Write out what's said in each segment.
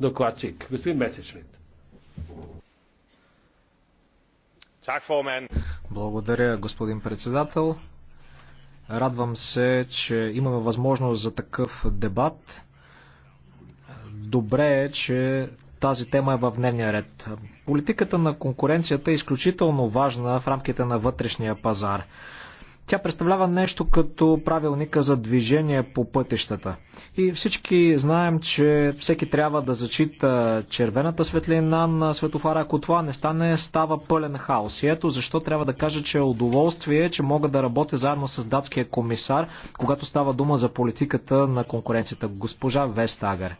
докладчик. Господин Месечмит. Благодаря, господин председател. Радвам се, че имаме възможност за такъв дебат. Добре е, че тази тема е в дневния ред. Политиката на конкуренцията е изключително важна в рамките на вътрешния пазар. Тя представлява нещо като правилника за движение по пътищата. И всички знаем, че всеки трябва да зачита червената светлина на светофара. Ако това не стане, става пълен хаос. И ето защо трябва да кажа, че е удоволствие, че мога да работя заедно с датския комисар, когато става дума за политиката на конкуренцията. Госпожа Вестагър.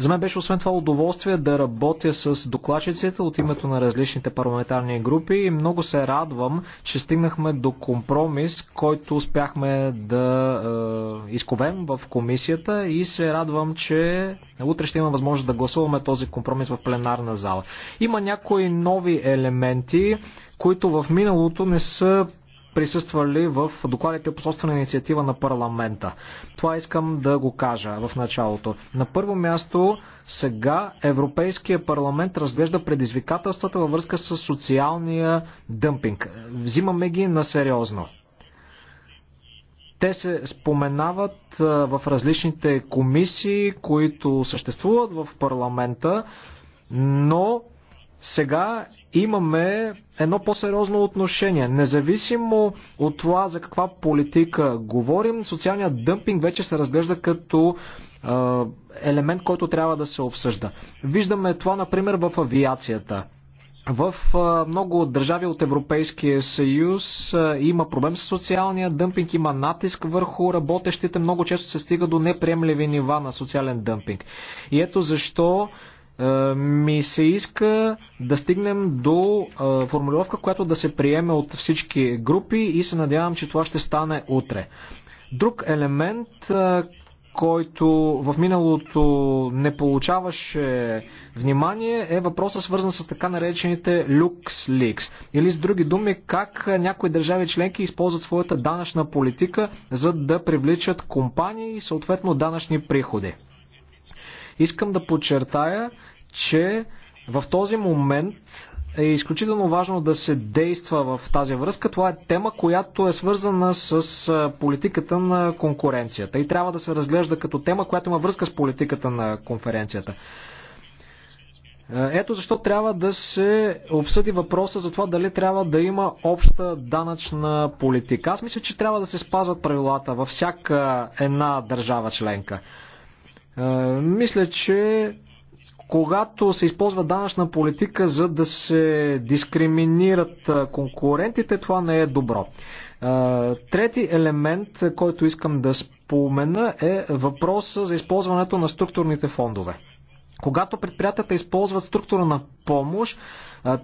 За мен беше освен това удоволствие да работя с докладчиците от името на различните парламентарни групи и много се радвам, че стигнахме до компромис, който успяхме да е, изковем в комисията и се радвам, че утре ще има възможност да гласуваме този компромис в пленарна зала. Има някои нови елементи, които в миналото не са присъствали в докладите по собствена инициатива на парламента. Това искам да го кажа в началото. На първо място, сега Европейския парламент разглежда предизвикателствата във връзка с социалния дъмпинг. Взимаме ги на сериозно. Те се споменават в различните комисии, които съществуват в парламента, но сега имаме едно по-сериозно отношение. Независимо от това за каква политика говорим, социалният дъмпинг вече се разглежда като е, елемент, който трябва да се обсъжда. Виждаме това, например, в авиацията. В много държави от Европейския съюз има проблем с социалния дъмпинг, има натиск върху работещите, много често се стига до неприемливи нива на социален дъмпинг. И ето защо е, ми се иска да стигнем до е, формулировка, която да се приеме от всички групи и се надявам, че това ще стане утре. Друг елемент, е, който в миналото не получаваше внимание, е въпроса, свързан с така наречените ликс. Или с други думи, как някои държави членки използват своята данъчна политика, за да привличат компании и съответно данъчни приходи. Искам да подчертая, че в този момент е изключително важно да се действа в тази връзка. Това е тема, която е свързана с политиката на конкуренцията и трябва да се разглежда като тема, която има връзка с политиката на конференцията. Ето защо трябва да се обсъди въпроса за това дали трябва да има обща данъчна политика. Аз мисля, че трябва да се спазват правилата във всяка една държава членка мисля, че когато се използва данъчна политика за да се дискриминират конкурентите, това не е добро. Трети елемент, който искам да спомена е въпроса за използването на структурните фондове. Когато предприятията използват структурна помощ,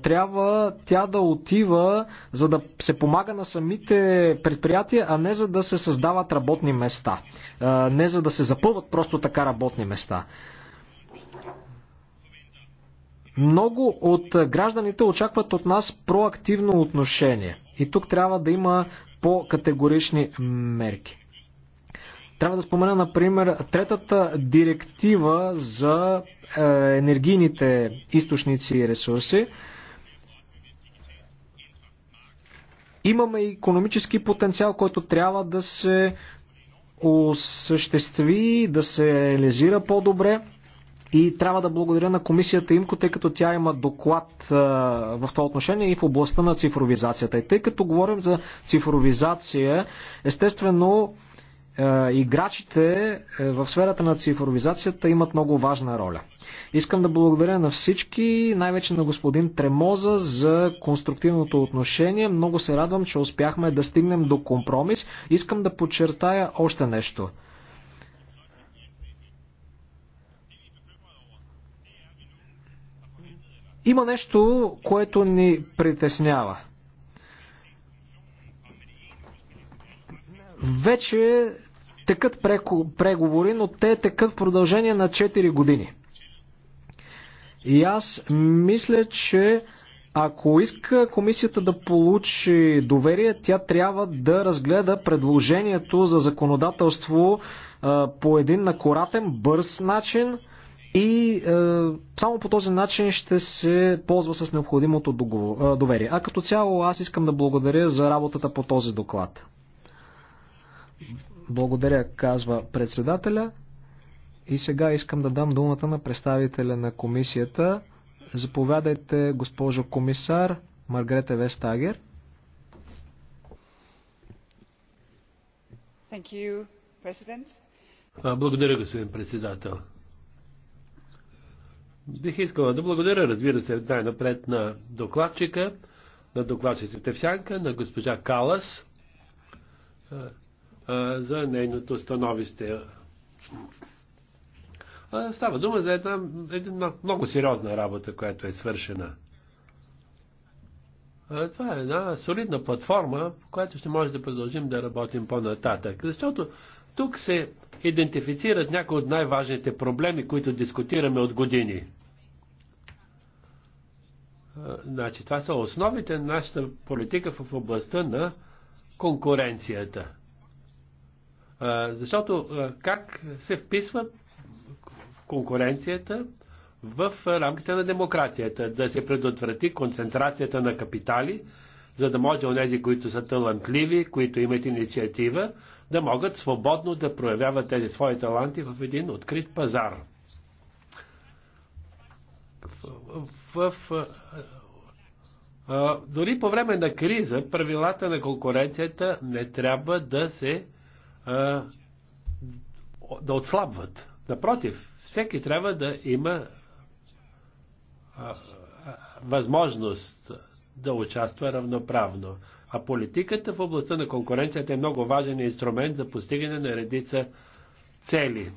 трябва тя да отива за да се помага на самите предприятия, а не за да се създават работни места. Не за да се запълват просто така работни места. Много от гражданите очакват от нас проактивно отношение. И тук трябва да има по-категорични мерки. Трябва да спомена, например, третата директива за е, енергийните източници и ресурси. Имаме економически потенциал, който трябва да се осъществи, да се реализира по-добре. И трябва да благодаря на комисията Имко, тъй като тя има доклад е, в това отношение и в областта на цифровизацията. И тъй като говорим за цифровизация, естествено е, играчите е, в сферата на цифровизацията имат много важна роля. Искам да благодаря на всички, най-вече на господин Тремоза за конструктивното отношение. Много се радвам, че успяхме да стигнем до компромис. Искам да подчертая още нещо. Има нещо, което ни притеснява. Вече Текат преговори, но те текат в продължение на 4 години. И аз мисля, че ако иска комисията да получи доверие, тя трябва да разгледа предложението за законодателство по един накоратен, бърз начин и само по този начин ще се ползва с необходимото доверие. А като цяло аз искам да благодаря за работата по този доклад. Благодаря, казва председателя. И сега искам да дам думата на представителя на комисията. Заповядайте, госпожо комисар Маргрете Вестагер. You, благодаря, господин председател. Бих искала да благодаря, разбира се, най-напред на докладчика, на докладчиците всянка, на госпожа Калас, за нейното становище. Става дума за една, една много сериозна работа, която е свършена. Това е една солидна платформа, в която ще може да продължим да работим по-нататък. Защото тук се идентифицират някои от най-важните проблеми, които дискутираме от години. Значи, това са основите на нашата политика в областта на конкуренцията. Защото как се вписва конкуренцията в рамките на демокрацията? Да се предотврати концентрацията на капитали, за да може онези, които са талантливи, които имат инициатива, да могат свободно да проявяват тези свои таланти в един открит пазар. В, в, в, а, дори по време на криза правилата на конкуренцията не трябва да се да отслабват. Напротив, всеки трябва да има възможност да участва равноправно. А политиката в областта на конкуренцията е много важен инструмент за постигане на редица цели.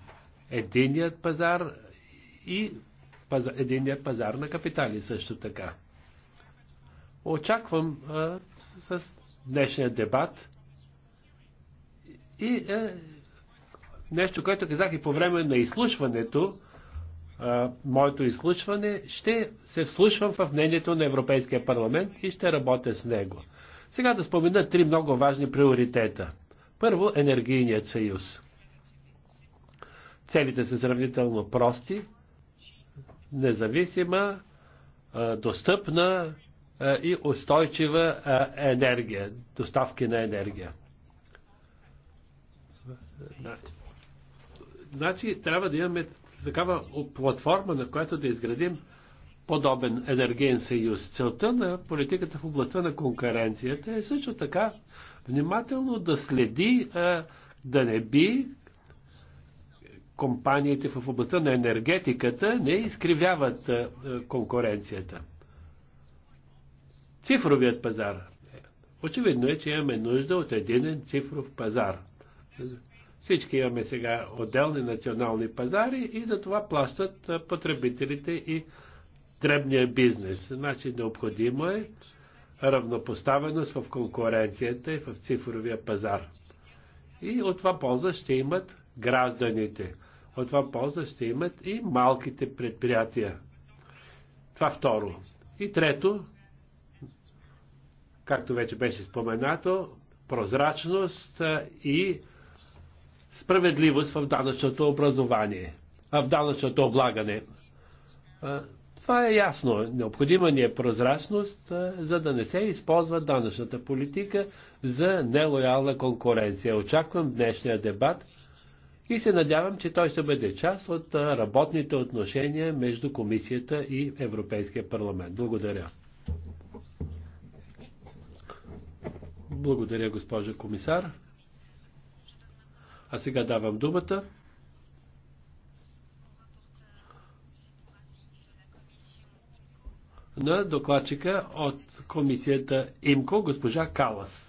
Единият пазар и пазар, единият пазар на капитали също така. Очаквам а, с днешния дебат и е, нещо, което казах и по време на изслушването, е, моето изслушване, ще се вслушвам в мнението на Европейския парламент и ще работя с него. Сега да спомена три много важни приоритета. Първо, енергийният съюз. Целите са сравнително прости, независима, е, достъпна е, и устойчива е, енергия, доставки на енергия. Значи трябва да имаме такава платформа, на която да изградим подобен енергиен съюз. Целта на политиката в областта на конкуренцията е също така внимателно да следи да не би компаниите в областта на енергетиката не изкривяват конкуренцията. Цифровият пазар. Очевидно е, че имаме нужда от един цифров пазар. Всички имаме сега отделни национални пазари и за това плащат потребителите и дребния бизнес. Значи необходимо е равнопоставеност в конкуренцията и в цифровия пазар. И от това полза ще имат гражданите. От това полза ще имат и малките предприятия. Това второ. И трето, както вече беше споменато, прозрачност и справедливост в данъчното образование, в данъчното облагане. Това е ясно. Необходима ни е прозрачност, за да не се използва данъчната политика за нелоялна конкуренция. Очаквам днешния дебат и се надявам, че той ще бъде част от работните отношения между Комисията и Европейския парламент. Благодаря. Благодаря, госпожа комисар. А сега давам думата на докладчика от комисията ИМКО, госпожа Калас.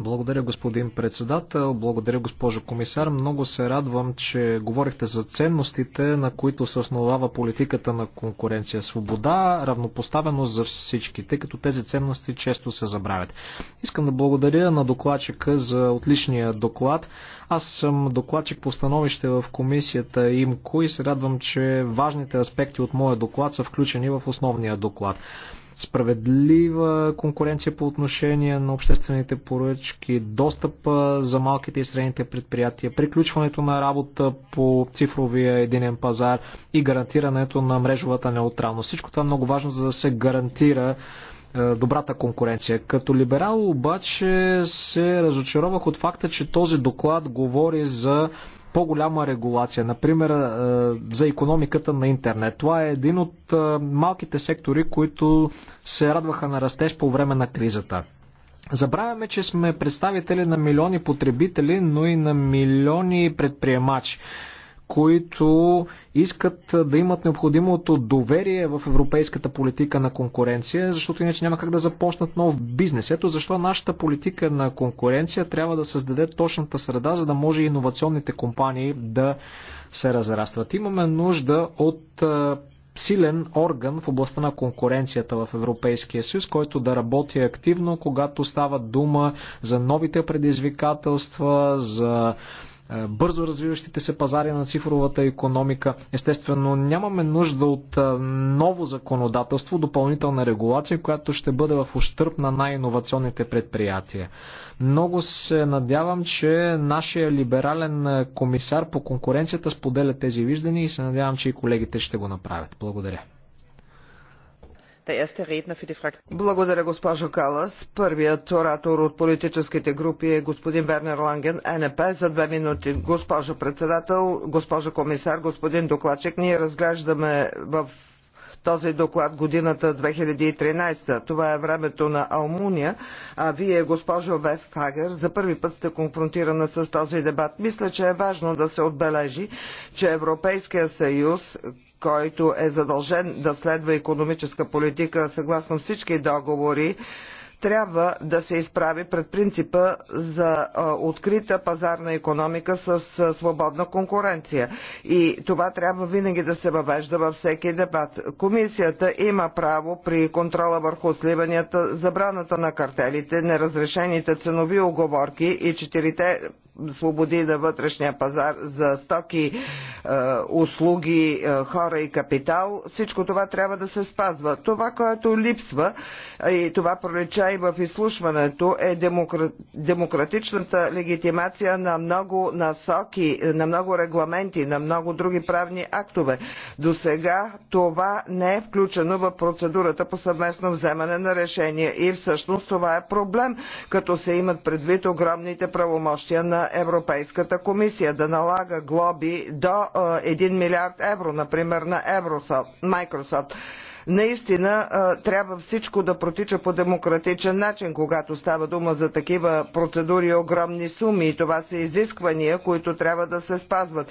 Благодаря, господин председател. Благодаря, госпожо комисар. Много се радвам, че говорихте за ценностите, на които се основава политиката на конкуренция. Свобода, равнопоставеност за всички, тъй като тези ценности често се забравят. Искам да благодаря на докладчика за отличния доклад. Аз съм докладчик по становище в комисията ИМКО и се радвам, че важните аспекти от моя доклад са включени в основния доклад справедлива конкуренция по отношение на обществените поръчки, достъпа за малките и средните предприятия, приключването на работа по цифровия единен пазар и гарантирането на мрежовата неутралност. Всичко това е много важно, за да се гарантира е, добрата конкуренция. Като либерал обаче се разочаровах от факта, че този доклад говори за по-голяма регулация, например е, за економиката на интернет. Това е един от е, малките сектори, които се радваха на растеж по време на кризата. Забравяме, че сме представители на милиони потребители, но и на милиони предприемачи които искат да имат необходимото доверие в европейската политика на конкуренция, защото иначе няма как да започнат нов бизнес. Ето защо нашата политика на конкуренция трябва да създаде точната среда, за да може иновационните компании да се разрастват. Имаме нужда от силен орган в областта на конкуренцията в Европейския съюз, който да работи активно, когато става дума за новите предизвикателства, за е, бързо развиващите се пазари на цифровата економика. Естествено, нямаме нужда от е, ново законодателство, допълнителна регулация, която ще бъде в ущърп на най-инновационните предприятия. Много се надявам, че нашия либерален е, комисар по конкуренцията споделя тези виждания и се надявам, че и колегите ще го направят. Благодаря. Благодаря, госпожо Калас. Първият оратор от политическите групи е господин Вернер Ланген, НП, за две минути. Госпожо председател, госпожо комисар, господин докладчик, ние разглеждаме в този доклад годината 2013. Това е времето на Алмуния, а вие, госпожо Вестхагер, за първи път сте конфронтирана с този дебат. Мисля, че е важно да се отбележи, че Европейския съюз, който е задължен да следва економическа политика съгласно всички договори, трябва да се изправи пред принципа за открита пазарна економика с свободна конкуренция. И това трябва винаги да се въвежда във всеки дебат. Комисията има право при контрола върху сливанията, забраната на картелите, неразрешените ценови оговорки и четирите свободи на вътрешния пазар за стоки, е, услуги, е, хора и капитал, всичко това трябва да се спазва. Това, което липсва е, и това пролича и в изслушването е демократичната легитимация на много насоки, на много регламенти, на много други правни актове. До сега това не е включено в процедурата по съвместно вземане на решения и всъщност това е проблем, като се имат предвид огромните правомощия на Европейската комисия да налага глоби до 1 милиард евро, например на Майкрософт. Microsoft наистина трябва всичко да протича по демократичен начин, когато става дума за такива процедури и огромни суми. И това са изисквания, които трябва да се спазват.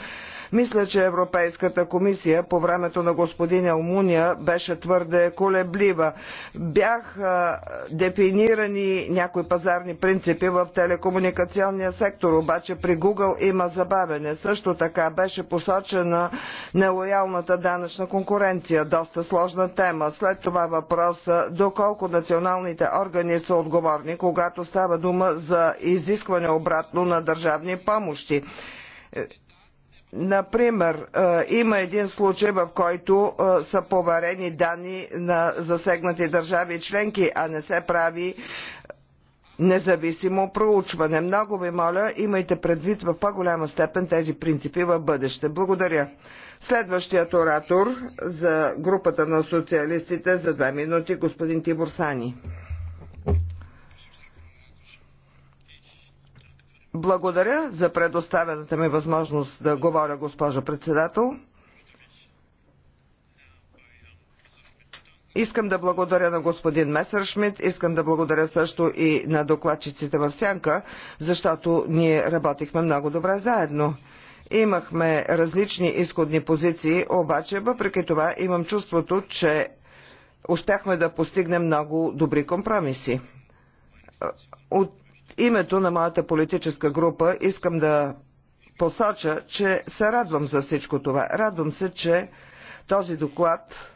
Мисля, че Европейската комисия по времето на господин Алмуния беше твърде колеблива. Бяха дефинирани някои пазарни принципи в телекомуникационния сектор, обаче при Google има забавене. Също така беше посочена нелоялната данъчна конкуренция, доста сложна тема. След това въпрос доколко националните органи са отговорни, когато става дума за изискване обратно на държавни помощи. Например, има един случай, в който са поварени данни на засегнати държави членки, а не се прави независимо проучване. Много ви моля, имайте предвид в по-голяма степен тези принципи в бъдеще. Благодаря. Следващият оратор за групата на социалистите за две минути, господин Тибор Сани. Благодаря за предоставената ми възможност да говоря, госпожо председател. Искам да благодаря на господин Месършмит, искам да благодаря също и на докладчиците в Сянка, защото ние работихме много добре заедно. Имахме различни изходни позиции, обаче въпреки това имам чувството, че успяхме да постигнем много добри компромиси. От името на моята политическа група искам да посоча, че се радвам за всичко това. Радвам се, че този доклад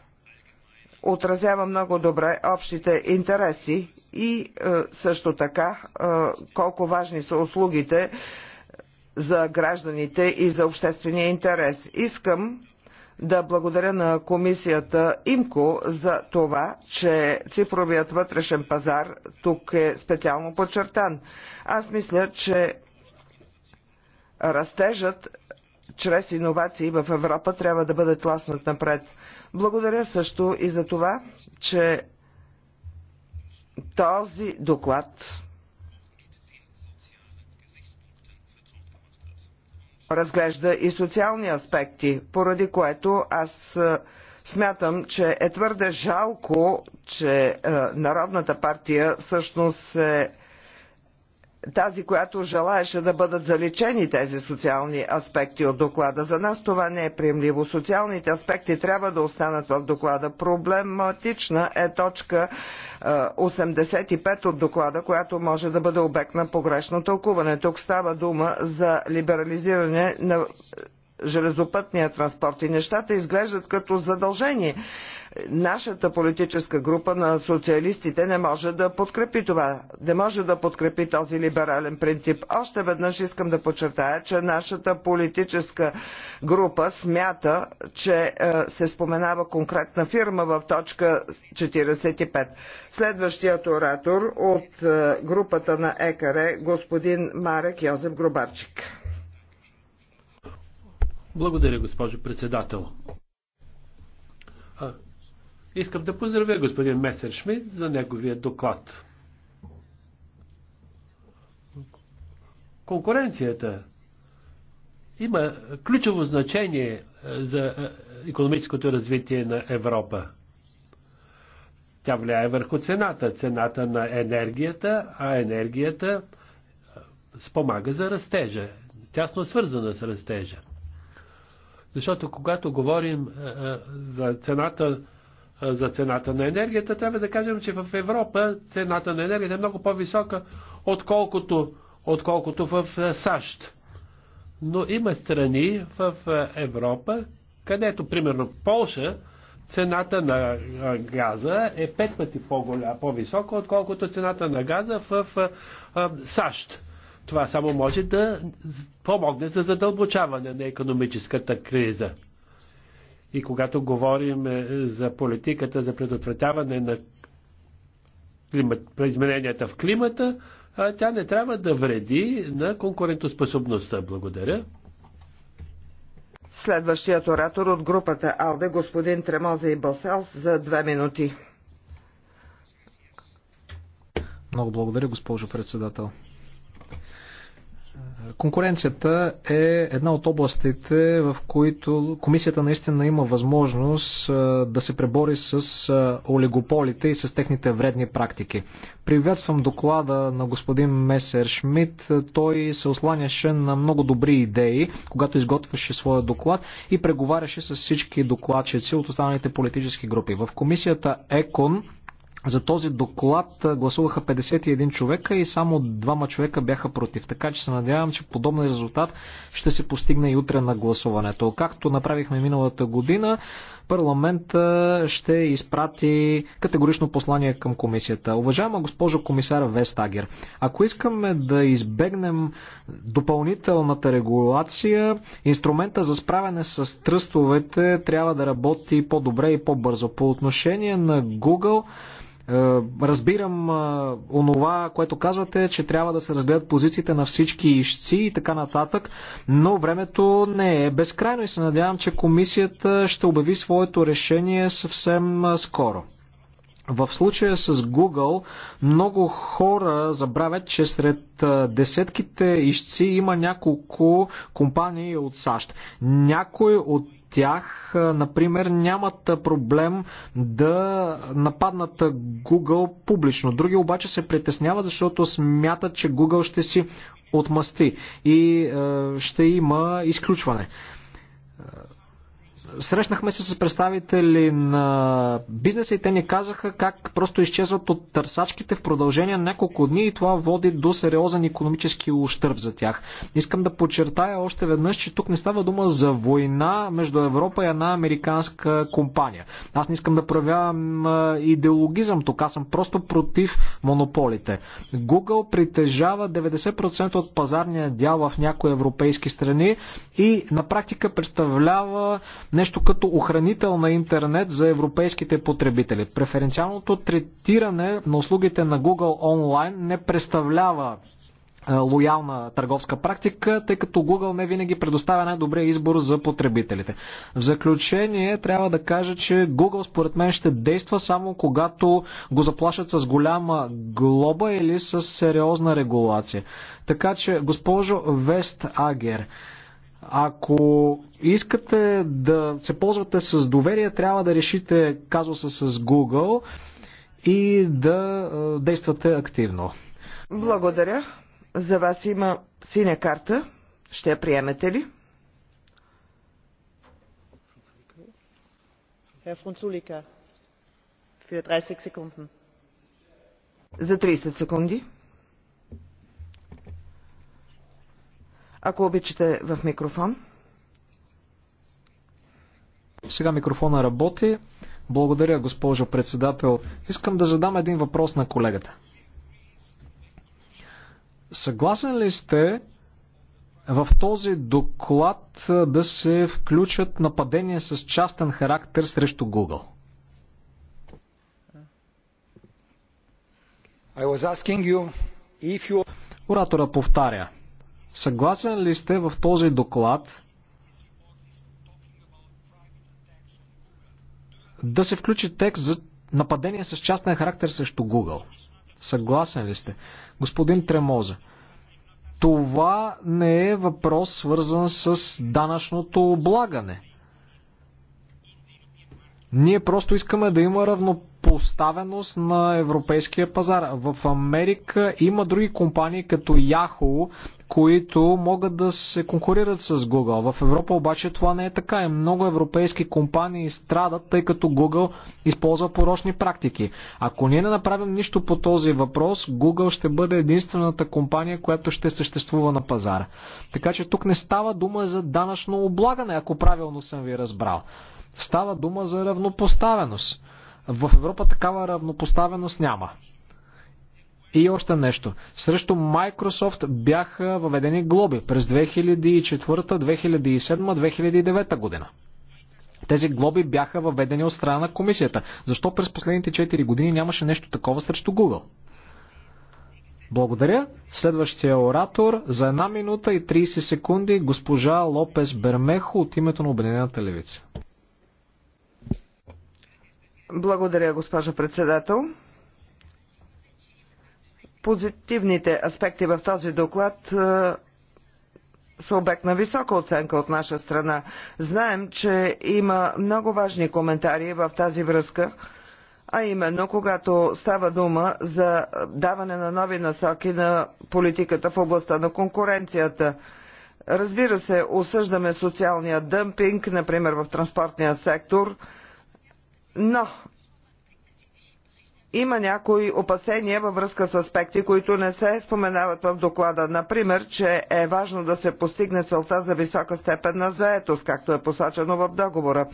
отразява много добре общите интереси и е, също така е, колко важни са услугите за гражданите и за обществения интерес. Искам да благодаря на комисията ИМКО за това, че цифровият вътрешен пазар тук е специално подчертан. Аз мисля, че растежът чрез иновации в Европа трябва да бъде тласнат напред. Благодаря също и за това, че този доклад разглежда и социални аспекти, поради което аз смятам, че е твърде жалко, че Народната партия всъщност се тази, която желаеше да бъдат заличени тези социални аспекти от доклада. За нас това не е приемливо. Социалните аспекти трябва да останат в доклада. Проблематична е точка 85 е, от доклада, която може да бъде обект на погрешно тълкуване. Тук става дума за либерализиране на железопътния транспорт и нещата изглеждат като задължение нашата политическа група на социалистите не може да подкрепи това, не може да подкрепи този либерален принцип. Още веднъж искам да подчертая, че нашата политическа група смята, че е, се споменава конкретна фирма в точка 45. Следващият оратор от е, групата на ЕКАРЕ, господин Марек Йозеф Гробарчик. Благодаря, госпожо председател. Искам да поздравя господин Месер Шмид за неговия доклад. Конкуренцията има ключово значение е, за е, економическото развитие на Европа. Тя влияе върху цената. Цената на енергията, а енергията е, спомага за растежа. Тясно свързана с растежа. Защото когато говорим за цената за цената на енергията, трябва да кажем, че в Европа цената на енергията е много по-висока, отколкото, отколкото в САЩ. Но има страни в Европа, където, примерно, Полша, цената на газа е пет пъти по-висока, по отколкото цената на газа в САЩ. Това само може да помогне за задълбочаване на економическата криза и когато говорим е, за политиката за предотвратяване на климат, измененията в климата, тя не трябва да вреди на конкурентоспособността. Благодаря. Следващият оратор от групата АЛДЕ, господин Тремоза и Басалс, за две минути. Много благодаря, госпожо председател. Конкуренцията е една от областите, в които комисията наистина има възможност да се пребори с олигополите и с техните вредни практики. Приветствам доклада на господин Месер Шмидт. Той се осланяше на много добри идеи, когато изготвяше своя доклад и преговаряше с всички докладчици от останалите политически групи. В комисията ЕКОН за този доклад гласуваха 51 човека и само двама човека бяха против. Така че се надявам, че подобен резултат ще се постигне и утре на гласуването. Както направихме миналата година, парламента ще изпрати категорично послание към комисията. Уважаема госпожо комисар Вестагер, ако искаме да избегнем допълнителната регулация, инструмента за справяне с тръстовете трябва да работи по-добре и по-бързо. По отношение на Google, е, разбирам е, онова, което казвате, че трябва да се разгледат позициите на всички ищци и така нататък, но времето не е безкрайно и се надявам, че комисията ще обяви своето решение съвсем е, скоро. В случая с Google много хора забравят, че сред десетките ищци има няколко компании от САЩ. Някой от тях, например, нямат проблем да нападнат Google публично. Други обаче се притесняват, защото смятат, че Google ще си отмъсти и ще има изключване. Срещнахме се с представители на бизнеса и те ни казаха как просто изчезват от търсачките в продължение на няколко дни и това води до сериозен економически ущърб за тях. Искам да подчертая още веднъж, че тук не става дума за война между Европа и една американска компания. Аз не искам да проявявам идеологизъм тук, аз съм просто против монополите. Google притежава 90% от пазарния дял в някои европейски страни и на практика представлява нещо като охранител на интернет за европейските потребители. Преференциалното третиране на услугите на Google онлайн не представлява е, лоялна търговска практика, тъй като Google не винаги предоставя най-добрия избор за потребителите. В заключение трябва да кажа, че Google според мен ще действа само когато го заплашат с голяма глоба или с сериозна регулация. Така че, госпожо Вест Агер, ако искате да се ползвате с доверие, трябва да решите казуса с Google и да действате активно. Благодаря. За вас има синя карта. Ще я приемете ли? За 30 секунди. Ако обичате в микрофон. Сега микрофона работи. Благодаря, госпожо председател. Искам да задам един въпрос на колегата. Съгласен ли сте в този доклад да се включат нападения с частен характер срещу Google? You you... Оратора повтаря. Съгласен ли сте в този доклад да се включи текст за нападение с частен характер срещу Google? Съгласен ли сте? Господин Тремоза, това не е въпрос свързан с данъчното облагане. Ние просто искаме да има равноправие поставеност на европейския пазар. В Америка има други компании като Yahoo, които могат да се конкурират с Google. В Европа обаче това не е така и много европейски компании страдат, тъй като Google използва порочни практики. Ако ние не направим нищо по този въпрос, Google ще бъде единствената компания, която ще съществува на пазара. Така че тук не става дума за данъчно облагане, ако правилно съм ви разбрал. Става дума за равнопоставеност. В Европа такава равнопоставеност няма. И още нещо. Срещу Microsoft бяха въведени глоби през 2004, 2007, 2009 година. Тези глоби бяха въведени от страна на комисията. Защо през последните 4 години нямаше нещо такова срещу Google? Благодаря. Следващия оратор за една минута и 30 секунди госпожа Лопес Бермехо от името на Обединената левица. Благодаря, госпожо председател. Позитивните аспекти в този доклад е, са обект на висока оценка от наша страна. Знаем, че има много важни коментари в тази връзка, а именно когато става дума за даване на нови насоки на политиката в областта на конкуренцията. Разбира се, осъждаме социалния дъмпинг, например в транспортния сектор – но има някои опасения във връзка с аспекти, които не се споменават в доклада. Например, че е важно да се постигне целта за висока степен на заетост, както е посочено в договора.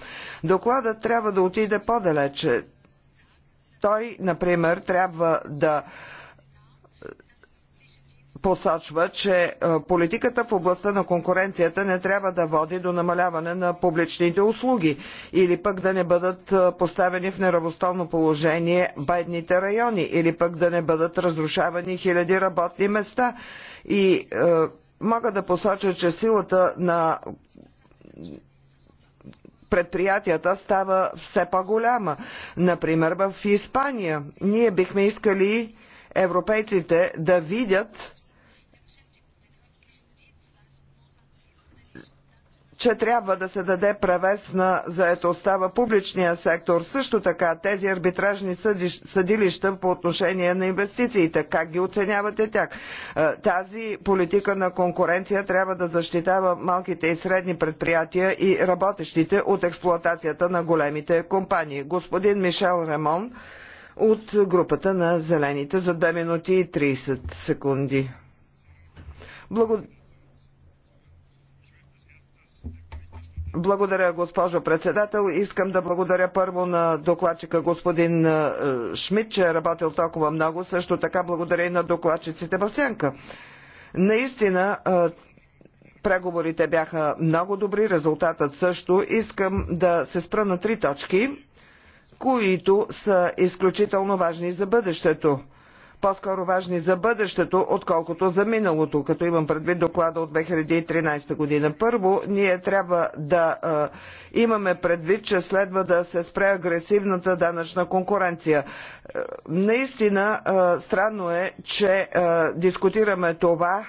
Докладът трябва да отиде по-далече. Той, например, трябва да посочва, че политиката в областта на конкуренцията не трябва да води до намаляване на публичните услуги или пък да не бъдат поставени в неравностойно положение бедните райони или пък да не бъдат разрушавани хиляди работни места. И е, мога да посоча, че силата на предприятията става все по-голяма. Например, в Испания ние бихме искали европейците да видят че трябва да се даде превес на заедостта в публичния сектор. Също така тези арбитражни съдилища по отношение на инвестициите. Как ги оценявате тях? Е, тази политика на конкуренция трябва да защитава малките и средни предприятия и работещите от експлоатацията на големите компании. Господин Мишел Ремон от групата на Зелените за 2 минути и 30 секунди. Благодаря. Благодаря, госпожо председател. Искам да благодаря първо на докладчика господин е, Шмидт, че е работил толкова много. Също така благодаря и на докладчиците в Сянка. Наистина, е, преговорите бяха много добри, резултатът също. Искам да се спра на три точки, които са изключително важни за бъдещето по-скоро важни за бъдещето, отколкото за миналото, като имам предвид доклада от 2013 година. Първо, ние трябва да имаме предвид, че следва да се спре агресивната данъчна конкуренция. Наистина странно е, че дискутираме това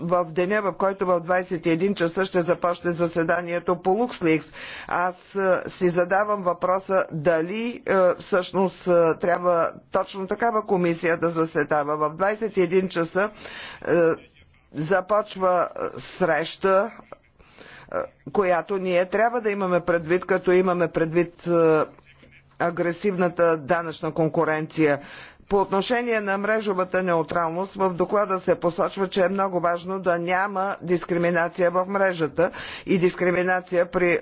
в деня, в който в 21 часа ще започне заседанието по Луксликс. Аз си задавам въпроса дали всъщност трябва точно такава комисия да заседава. В 21 часа започва среща която ние трябва да имаме предвид, като имаме предвид агресивната данъчна конкуренция. По отношение на мрежовата неутралност, в доклада се посочва, че е много важно да няма дискриминация в мрежата и дискриминация при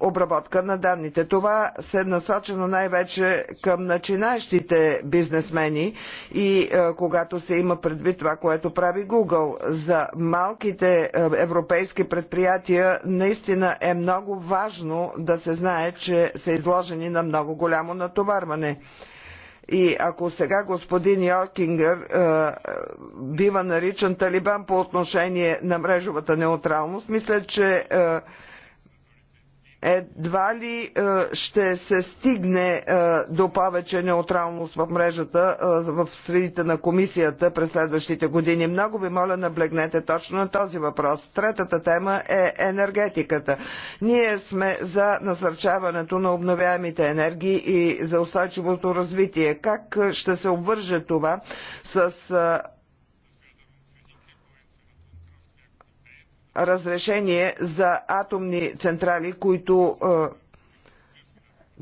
обработка на данните. Това се е насочено най-вече към начинаещите бизнесмени и е, когато се има предвид това, което прави Google. За малките е, европейски предприятия наистина е много важно да се знае, че са изложени на много голямо натоварване. И ако сега господин Йоркингър е, е, бива наричан талибан по отношение на мрежовата неутралност, мисля, че е, едва ли е, ще се стигне е, до повече неутралност в мрежата е, в средите на комисията през следващите години. Много ви моля, наблегнете точно на този въпрос. Третата тема е енергетиката. Ние сме за насърчаването на обновяемите енергии и за устойчивото развитие. Как ще се обвърже това с разрешение за атомни централи, които е,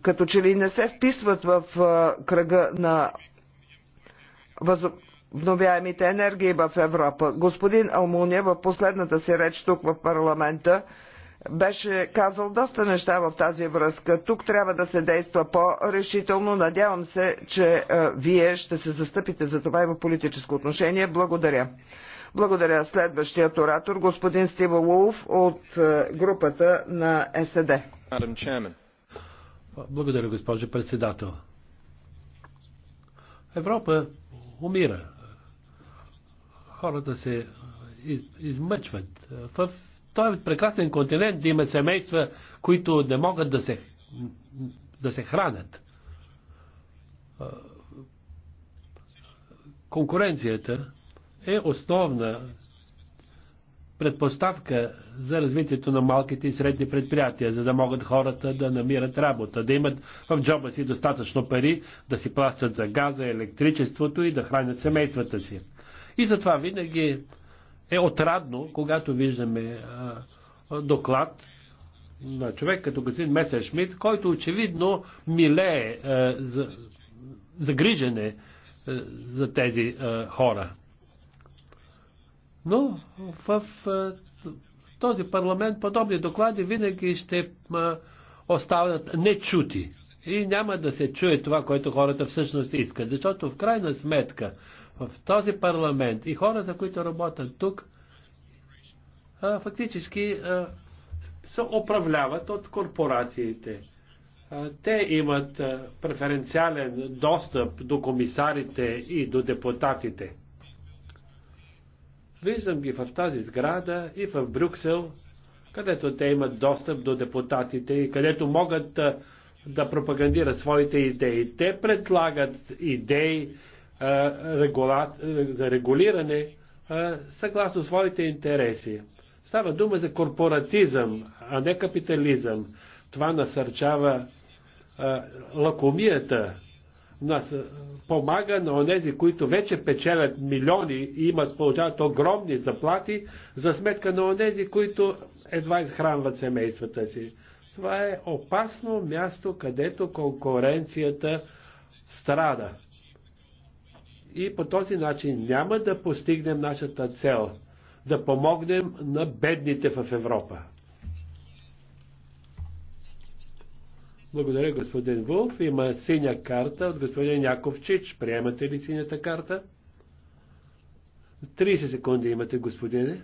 като че ли не се вписват в е, кръга на възобновяемите енергии в Европа. Господин Алмуния в последната си реч тук в парламента беше казал доста неща в тази връзка. Тук трябва да се действа по-решително. Надявам се, че е, вие ще се застъпите за това и в политическо отношение. Благодаря. Благодаря. Следващият оратор, господин Стива Улф от е, групата на СД. Благодаря, госпожо председател. Европа умира. Хората се е, из, измъчват. В този прекрасен континент да има семейства, които не могат да се, да се хранят. Е, конкуренцията е основна предпоставка за развитието на малките и средни предприятия, за да могат хората да намират работа, да имат в джоба си достатъчно пари, да си плащат за газа, електричеството и да хранят семействата си. И затова винаги е отрадно, когато виждаме а, доклад на човек като господин Месершмит, който очевидно милее а, за, загрижене а, за тези а, хора. Но в този парламент подобни доклади винаги ще остават нечути. И няма да се чуе това, което хората всъщност искат. Защото в крайна сметка в този парламент и хората, които работят тук, фактически се управляват от корпорациите. Те имат преференциален достъп до комисарите и до депутатите. Виждам ги в тази сграда и в Брюксел, където те имат достъп до депутатите и където могат да пропагандират своите идеи. Те предлагат идеи а, регула... за регулиране а, съгласно своите интереси. Става дума за корпоратизъм, а не капитализъм. Това насърчава а, лакомията, нас е, помага на онези, които вече печелят милиони и имат, получават огромни заплати, за сметка на онези, които едва изхранват семействата си. Това е опасно място, където конкуренцията страда. И по този начин няма да постигнем нашата цел да помогнем на бедните в Европа. Благодаря, господин Вулф. Има синя карта от господин Яковчич. Приемате ли синята карта? 30 секунди имате, господине.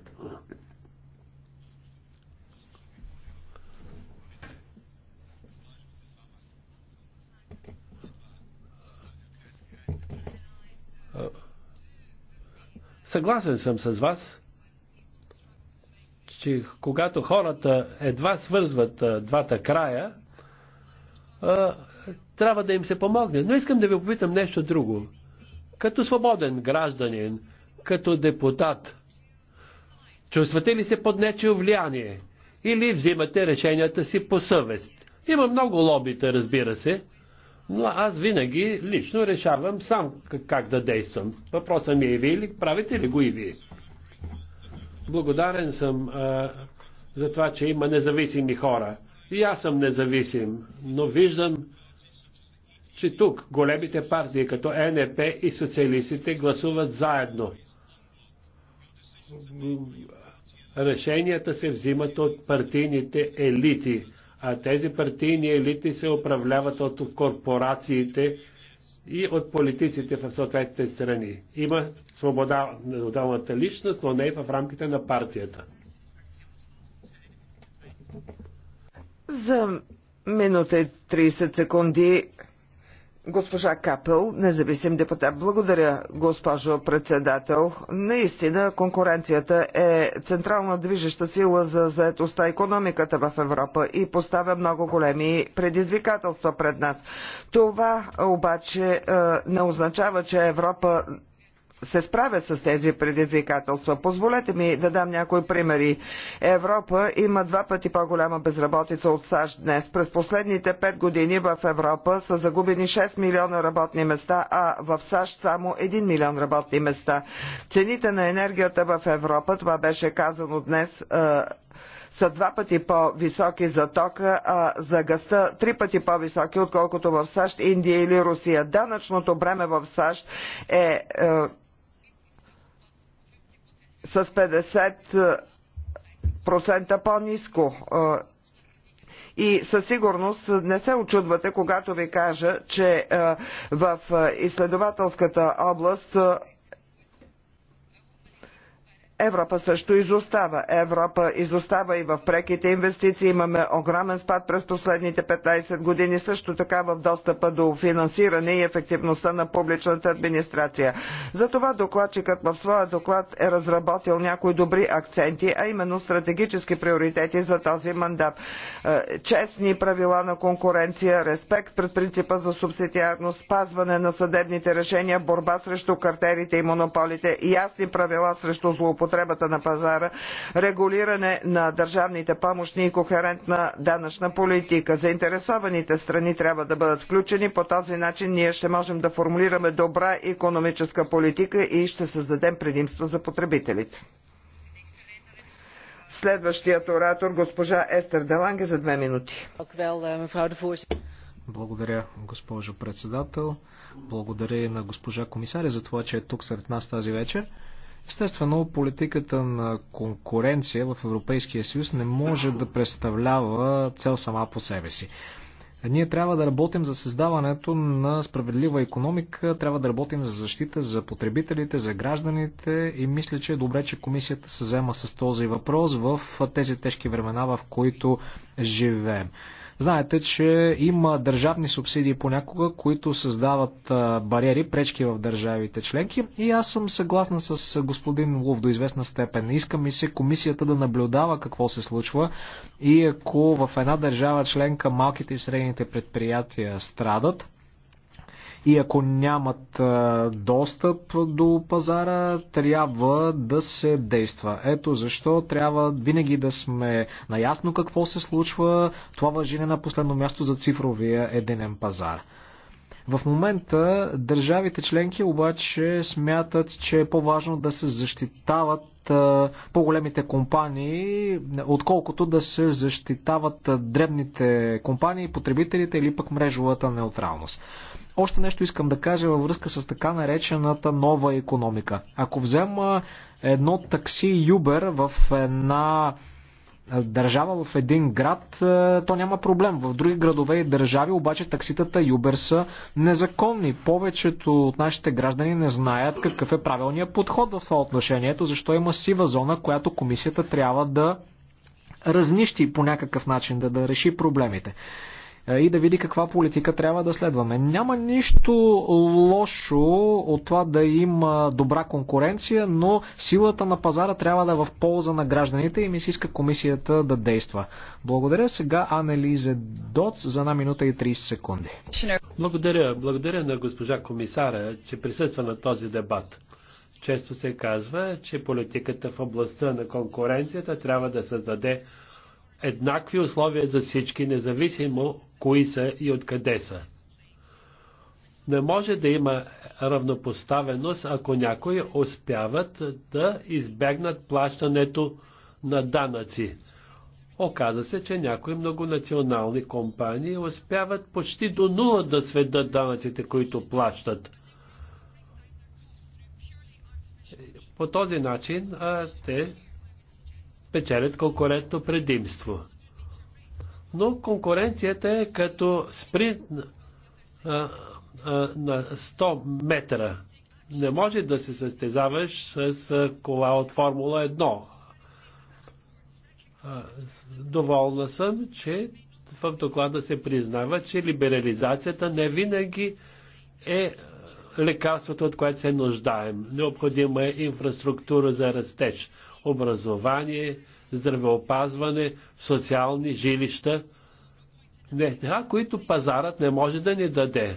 Съгласен съм с вас, че когато хората едва свързват двата края, трябва да им се помогне. Но искам да ви попитам нещо друго. Като свободен гражданин, като депутат, чувствате ли се под нечие влияние? Или взимате решенията си по съвест? Има много лобита, разбира се, но аз винаги лично решавам сам как да действам. Въпросът ми е и вие или правите ли го и вие? Благодарен съм а, за това, че има независими хора. И аз съм независим, но виждам, че тук големите партии като НЕП и социалистите гласуват заедно. Решенията се взимат от партийните елити, а тези партийни елити се управляват от корпорациите и от политиците в съответните страни. Има свобода на отделната личност, но не и в рамките на партията. За минута и 30 секунди госпожа Капел, независим депутат. Благодаря, госпожо председател. Наистина, конкуренцията е централна движеща сила за заедостта и економиката в Европа и поставя много големи предизвикателства пред нас. Това обаче е, не означава, че Европа се справят с тези предизвикателства. Позволете ми да дам някои примери. Европа има два пъти по-голяма безработица от САЩ днес. През последните пет години в Европа са загубени 6 милиона работни места, а в САЩ само 1 милион работни места. Цените на енергията в Европа, това беше казано днес, са два пъти по-високи за тока, а за гъста три пъти по-високи, отколкото в САЩ, Индия или Русия. Данъчното бреме в САЩ е, е с 50% по-ниско. И със сигурност не се очудвате, когато ви кажа, че в изследователската област Европа също изостава. Европа изостава и в преките инвестиции. Имаме огромен спад през последните 15 години, също така в достъпа до финансиране и ефективността на публичната администрация. Затова докладчикът в своя доклад е разработил някои добри акценти, а именно стратегически приоритети за този мандат. Е, честни правила на конкуренция, респект пред принципа за субсидиарност, спазване на съдебните решения, борба срещу картелите и монополите, ясни правила срещу злоупотреба употребата на пазара, регулиране на държавните помощи и кохерентна данъчна политика. Заинтересованите страни трябва да бъдат включени. По този начин ние ще можем да формулираме добра економическа политика и ще създадем предимства за потребителите. Следващият оратор, госпожа Естер Деланге, за две минути. Благодаря, госпожо председател. Благодаря и на госпожа комисаря за това, че е тук сред нас тази вечер. Естествено, политиката на конкуренция в Европейския съюз не може да представлява цел сама по себе си. Ние трябва да работим за създаването на справедлива економика, трябва да работим за защита за потребителите, за гражданите и мисля, че е добре, че комисията се взема с този въпрос в тези тежки времена, в които живеем. Знаете, че има държавни субсидии понякога, които създават бариери, пречки в държавите членки. И аз съм съгласна с господин Лов до известна степен. Иска ми се комисията да наблюдава какво се случва и ако в една държава членка малките и средните предприятия страдат, и ако нямат достъп до пазара, трябва да се действа. Ето защо трябва винаги да сме наясно какво се случва. Това въжи не на последно място за цифровия единен пазар. В момента държавите членки обаче смятат, че е по-важно да се защитават по-големите компании, отколкото да се защитават дребните компании, потребителите или пък мрежовата неутралност. Още нещо искам да кажа във връзка с така наречената нова економика. Ако взема едно такси Uber в една държава, в един град, то няма проблем. В други градове и държави обаче такситата Uber са незаконни. Повечето от нашите граждани не знаят какъв е правилният подход в това отношението, защо има сива зона, която комисията трябва да разнищи по някакъв начин, да, да реши проблемите. Е, и да види каква политика трябва да следваме. Няма нищо лошо от това да има добра конкуренция, но силата на пазара трябва да е в полза на гражданите и ми се иска комисията да действа. Благодаря сега Анелизе Доц за една минута и 30 секунди. Благодаря, благодаря на госпожа комисара, че присъства на този дебат. Често се казва, че политиката в областта на конкуренцията трябва да създаде еднакви условия за всички, независимо кои са и откъде са. Не може да има равнопоставеност, ако някои успяват да избегнат плащането на данъци. Оказа се, че някои многонационални компании успяват почти до нула да сведат данъците, които плащат. По този начин а, те спечелят конкурентно предимство. Но конкуренцията е като спринт а, а, на 100 метра. Не може да се състезаваш с кола от Формула 1. доволна съм, че в доклада се признава, че либерализацията не винаги е лекарството, от което се нуждаем. Необходима е инфраструктура за растеж образование, здравеопазване, социални жилища. Неща, които пазарът не може да ни даде.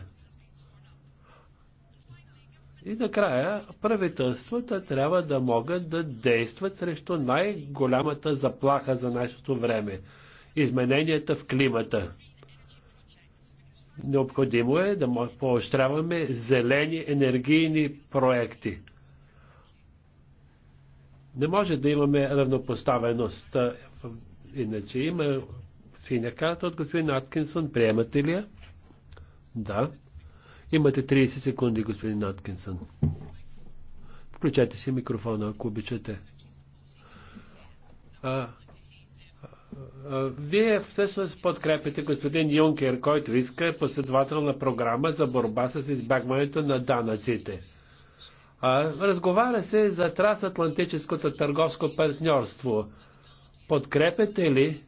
И накрая правителствата трябва да могат да действат срещу най-голямата заплаха за нашето време измененията в климата. Необходимо е да поощряваме зелени енергийни проекти. Не може да имаме равнопоставеност. Иначе има синя карта от господин Аткинсън. Приемате ли я? Да. Имате 30 секунди, господин Аткинсън. Включете си микрофона, ако обичате. А, вие всъщност подкрепите господин Юнкер, който иска последователна програма за борба с избягването на данъците. Разговаря се за трансатлантическото търговско партньорство. Подкрепете ли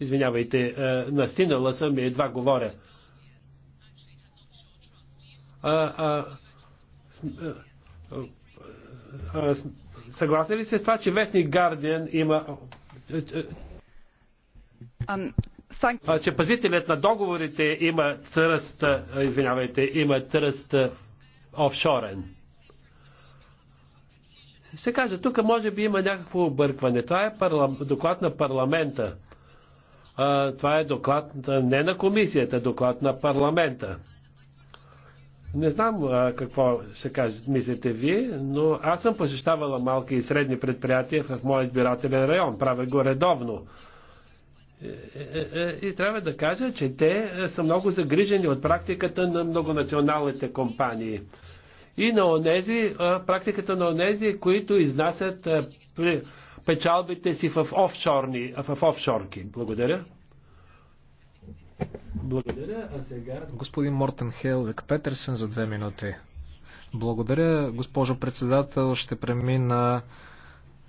Извинявайте, е, настинала съм и едва говоря. А, а, а, а, а, съгласен ли се с това, че вестник Гардиан има е, е, че пазителят на договорите има тръст, извинявайте, има тръст офшорен. Се каже, тук може би има някакво объркване. Това е парла... доклад на парламента. А, това е доклад не на комисията, доклад на парламента. Не знам а, какво се каже, мислите ви, но аз съм посещавала малки и средни предприятия в моя избирателен район. Правя го редовно. Е, е, е, и трябва да кажа, че те са много загрижени от практиката на многонационалните компании и на онези, практиката на онези, които изнасят печалбите си в, офшорни, в офшорки. Благодаря. Благодаря. А сега... Господин Мортен Хелвек Петерсен за две минути. Благодаря, госпожо председател. Ще премина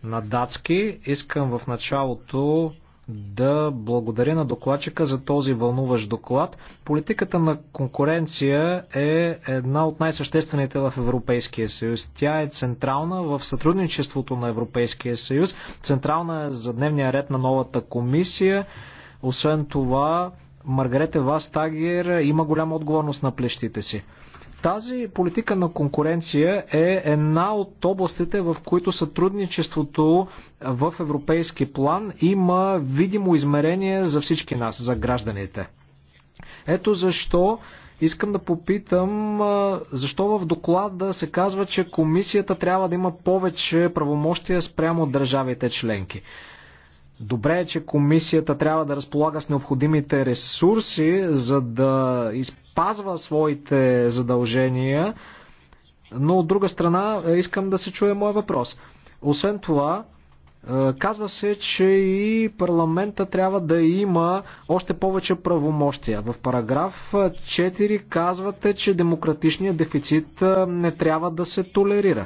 на датски. Искам в началото да благодаря на докладчика за този вълнуващ доклад. Политиката на конкуренция е една от най-съществените в Европейския съюз. Тя е централна в сътрудничеството на Европейския съюз, централна е за дневния ред на новата комисия. Освен това, Маргарете Вастагер има голяма отговорност на плещите си. Тази политика на конкуренция е една от областите, в които сътрудничеството в европейски план има видимо измерение за всички нас, за гражданите. Ето защо искам да попитам, защо в доклада се казва, че комисията трябва да има повече правомощия спрямо от държавите членки. Добре е, че комисията трябва да разполага с необходимите ресурси, за да изпазва своите задължения, но от друга страна е, искам да се чуе моя въпрос. Освен това, е, Казва се, че и парламента трябва да има още повече правомощия. В параграф 4 казвате, че демократичният дефицит е, не трябва да се толерира.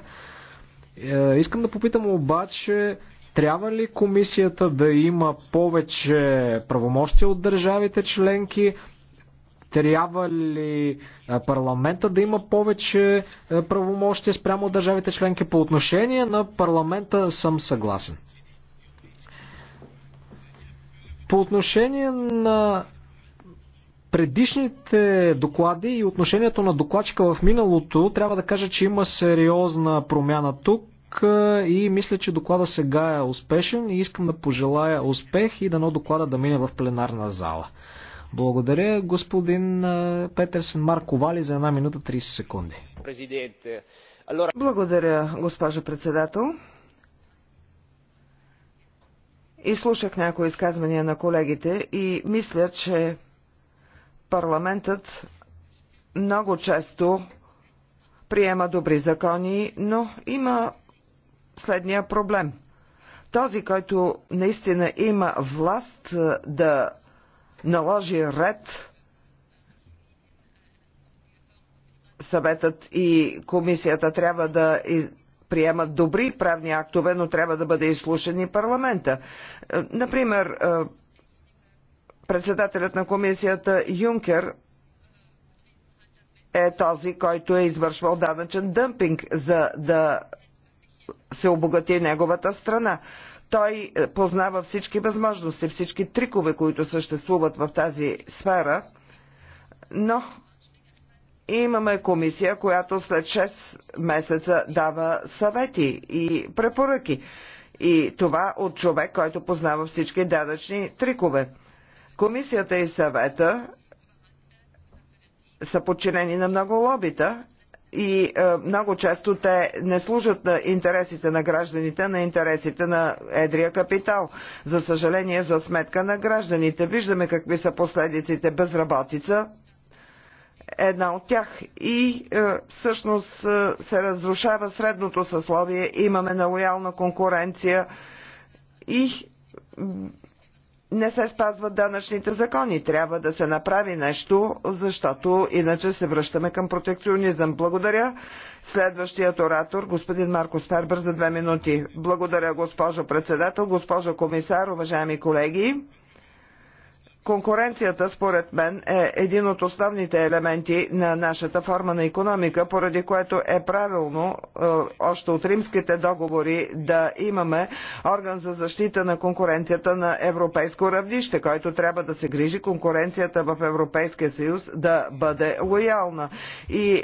Искам да попитам обаче трябва ли комисията да има повече правомощия от държавите членки? Трябва ли парламента да има повече правомощия спрямо от държавите членки? По отношение на парламента съм съгласен. По отношение на предишните доклади и отношението на докладчика в миналото, трябва да кажа, че има сериозна промяна тук и мисля, че доклада сега е успешен и искам да пожелая успех и дано доклада да мине в пленарна зала. Благодаря господин Петерсен Марковали за една минута 30 секунди. Благодаря, госпожа председател. И слушах някои изказвания на колегите и мисля, че парламентът много често приема добри закони, но има следния проблем. Този, който наистина има власт е, да наложи ред, съветът и комисията трябва да приемат добри правни актове, но трябва да бъде изслушан и парламента. Е, например, е, председателят на комисията Юнкер е този, който е извършвал данъчен дъмпинг, за да се обогати неговата страна. Той е, познава всички възможности, всички трикове, които съществуват в тази сфера, но имаме комисия, която след 6 месеца дава съвети и препоръки. И това от човек, който познава всички дадъчни трикове. Комисията и съвета са подчинени на много лобита и е, много често те не служат на интересите на гражданите, на интересите на едрия капитал. За съжаление, за сметка на гражданите. Виждаме какви са последиците безработица, е една от тях. И е, всъщност е, се разрушава средното съсловие, имаме лоялна конкуренция и не се спазват данъчните закони. Трябва да се направи нещо, защото иначе се връщаме към протекционизъм. Благодаря. Следващият оратор, господин Марко Фербер, за две минути. Благодаря, госпожо председател, госпожо комисар, уважаеми колеги. Конкуренцията, според мен, е един от основните елементи на нашата форма на економика, поради което е правилно е, още от римските договори да имаме орган за защита на конкуренцията на европейско равнище, който трябва да се грижи конкуренцията в Европейския съюз да бъде лоялна. И е,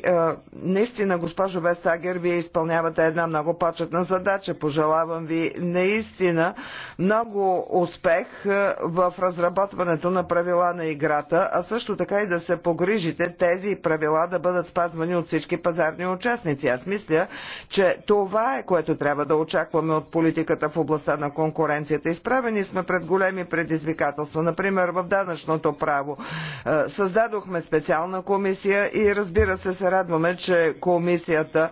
наистина, госпожо Вестагер, вие изпълнявате една много почетна задача. Пожелавам ви наистина много успех е, в разработването на правила на играта, а също така и да се погрижите тези правила да бъдат спазвани от всички пазарни участници. Аз мисля, че това е което трябва да очакваме от политиката в областта на конкуренцията. Изправени сме пред големи предизвикателства, например в данъчното право. Е, създадохме специална комисия и разбира се се радваме, че комисията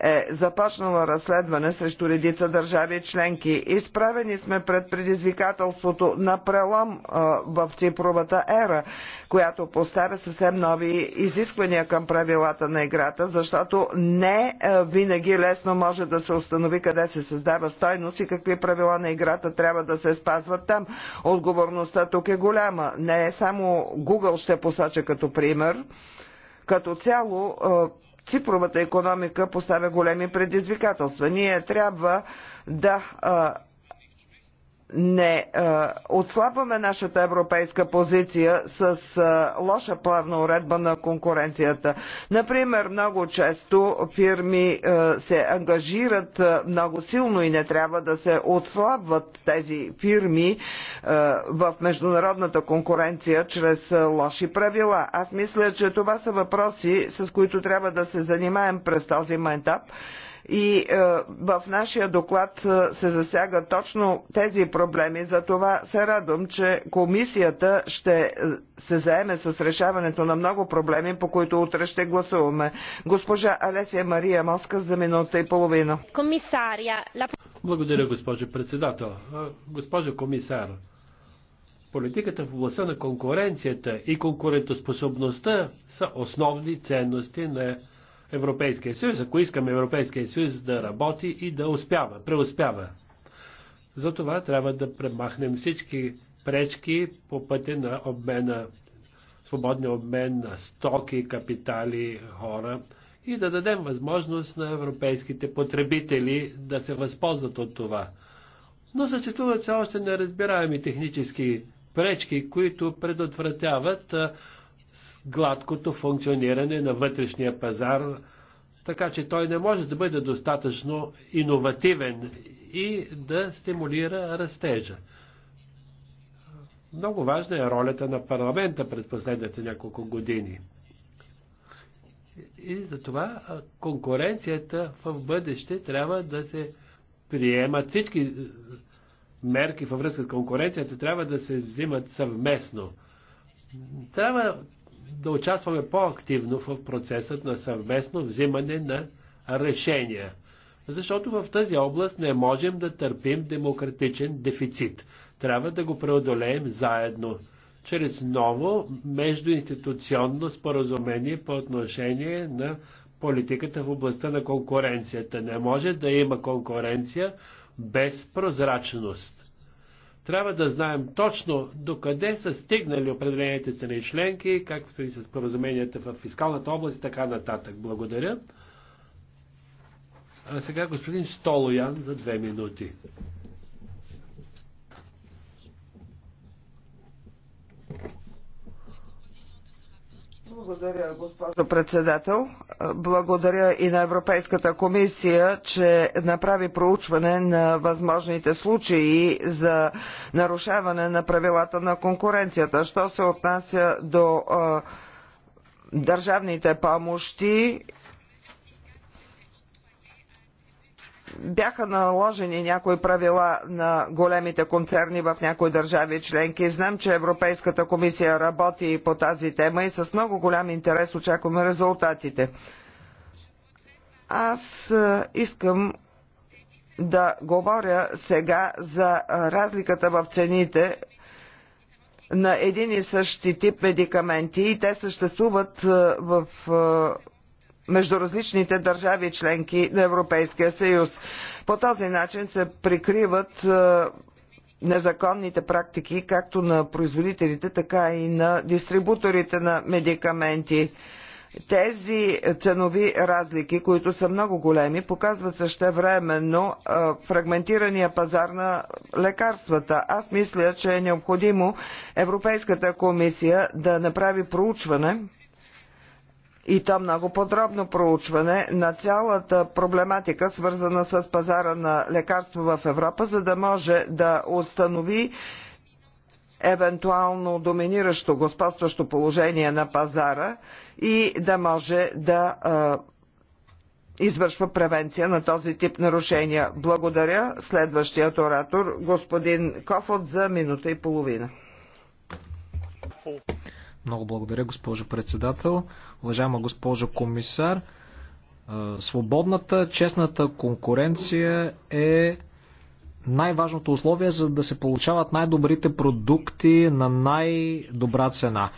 е започнала разследване срещу редица държави членки. Изправени сме пред предизвикателството на прелом е, в цифровата ера, която поставя съвсем нови изисквания към правилата на играта, защото не е, винаги лесно може да се установи къде се създава стойност и какви правила на играта трябва да се спазват там. Отговорността тук е голяма. Не е само Google ще посоча като пример. Като цяло е, цифровата економика поставя големи предизвикателства. Ние трябва да а, не е, отслабваме нашата европейска позиция с е, лоша правна уредба на конкуренцията. Например, много често фирми е, се ангажират е, много силно и не трябва да се отслабват тези фирми е, в международната конкуренция чрез е, лоши правила. Аз мисля, че това са въпроси, с които трябва да се занимаем през този майнтап. И е, в нашия доклад е, се засяга точно тези проблеми. Затова се радвам, че комисията ще е, се заеме с решаването на много проблеми, по които утре ще гласуваме. Госпожа Алесия Мария Моска за минута и половина. Комисария. Благодаря, госпожо председател. Госпожо комисар, Политиката в областта на конкуренцията и конкурентоспособността са основни ценности на Европейския съюз, ако искаме Европейския съюз да работи и да успява, преуспява. Затова трябва да премахнем всички пречки по пътя на обмена, свободния обмен на стоки, капитали, хора и да дадем възможност на европейските потребители да се възползват от това. Но съществуват все още неразбираеми технически пречки, които предотвратяват гладкото функциониране на вътрешния пазар, така че той не може да бъде достатъчно иновативен и да стимулира растежа. Много важна е ролята на парламента през последните няколко години. И затова конкуренцията в бъдеще трябва да се приемат всички мерки във връзка с конкуренцията трябва да се взимат съвместно. Трябва да участваме по-активно в процесът на съвместно взимане на решения. Защото в тази област не можем да търпим демократичен дефицит. Трябва да го преодолеем заедно, чрез ново междуинституционно споразумение по отношение на политиката в областта на конкуренцията. Не може да има конкуренция без прозрачност. Трябва да знаем точно докъде са стигнали определените страни членки, как са и с поразуменията в фискалната област и така нататък. Благодаря. А сега господин Столоян за две минути. Благодаря, госпожо председател. Благодаря и на Европейската комисия, че направи проучване на възможните случаи за нарушаване на правилата на конкуренцията. Що се отнася до държавните помощи бяха наложени някои правила на големите концерни в някои държави членки. Знам, че Европейската комисия работи по тази тема и с много голям интерес очакваме резултатите. Аз е, искам да говоря сега за разликата в цените на един и същи тип медикаменти и те съществуват е, в е, между различните държави членки на Европейския съюз. По този начин се прикриват е, незаконните практики както на производителите, така и на дистрибуторите на медикаменти. Тези ценови разлики, които са много големи, показват също временно е, фрагментирания пазар на лекарствата. Аз мисля, че е необходимо Европейската комисия да направи проучване и то много подробно проучване на цялата проблематика, свързана с пазара на лекарства в Европа, за да може да установи евентуално доминиращо, господстващо положение на пазара и да може да а, извършва превенция на този тип нарушения. Благодаря. Следващият оратор, господин Кофот, за минута и половина. Много благодаря, госпожо председател. Уважаема госпожо комисар, свободната, честната конкуренция е най-важното условие, за да се получават най-добрите продукти на най-добра цена.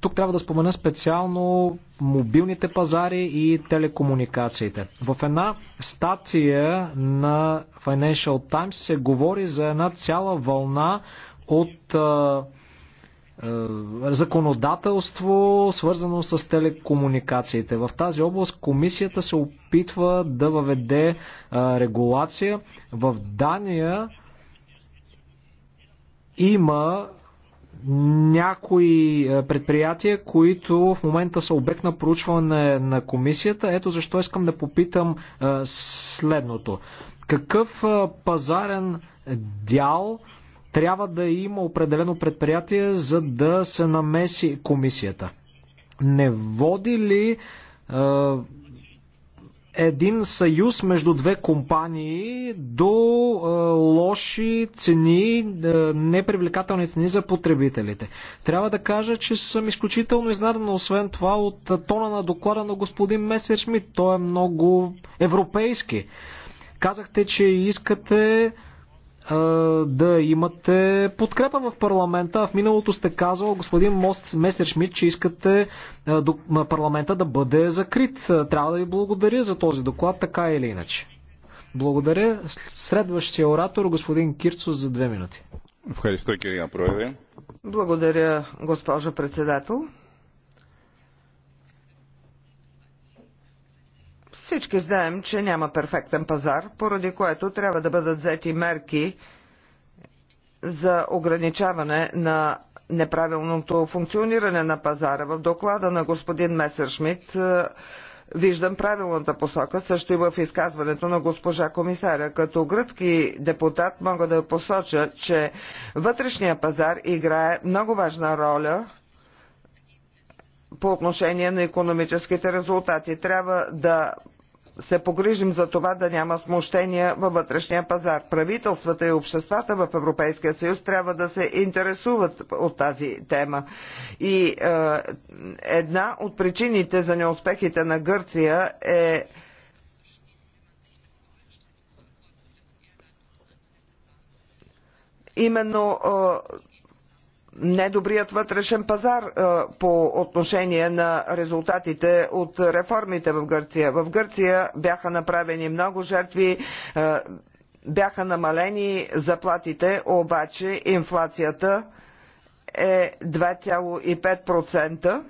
Тук трябва да спомена специално мобилните пазари и телекомуникациите. В една статия на Financial Times се говори за една цяла вълна от е, законодателство, свързано с телекомуникациите. В тази област комисията се опитва да въведе е, регулация. В Дания има някои е, предприятия, които в момента са обект на проучване на комисията. Ето защо искам да попитам следното. Какъв пазарен дял трябва да има определено предприятие, за да се намеси комисията. Не води ли един съюз между две компании до е, лоши цени, е, непривлекателни цени за потребителите. Трябва да кажа, че съм изключително изненадан, освен това, от тона на доклада на господин Месершмит. Той е много европейски. Казахте, че искате да имате подкрепа в парламента. В миналото сте казвал, господин Мост Месершмит, че искате парламента да бъде закрит. Трябва да ви благодаря за този доклад, така или иначе. Благодаря. Следващия оратор, господин Кирцо, за две минути. Благодаря, госпожо председател. Всички знаем, че няма перфектен пазар, поради което трябва да бъдат взети мерки за ограничаване на неправилното функциониране на пазара. В доклада на господин Месершмит е, виждам правилната посока, също и в изказването на госпожа комисаря. Като гръцки депутат мога да посоча, че вътрешния пазар играе много важна роля по отношение на економическите резултати. Трябва да се погрижим за това да няма смущения във вътрешния пазар. Правителствата и обществата в Европейския съюз трябва да се интересуват от тази тема. И е, една от причините за неуспехите на Гърция е именно е, недобрият вътрешен пазар е, по отношение на резултатите от реформите в Гърция. В Гърция бяха направени много жертви, е, бяха намалени заплатите, обаче инфлацията е 2,5%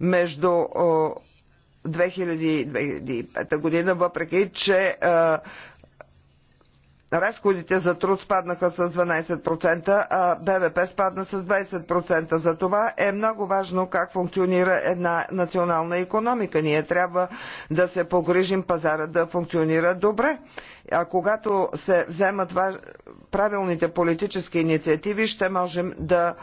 между 2000 е, и 2005 година, въпреки че Разходите за труд спаднаха с 12%, а БВП спадна с 20%. За това е много важно как функционира една национална економика. Ние трябва да се погрижим пазара да функционира добре. А когато се вземат правилните политически инициативи, ще можем да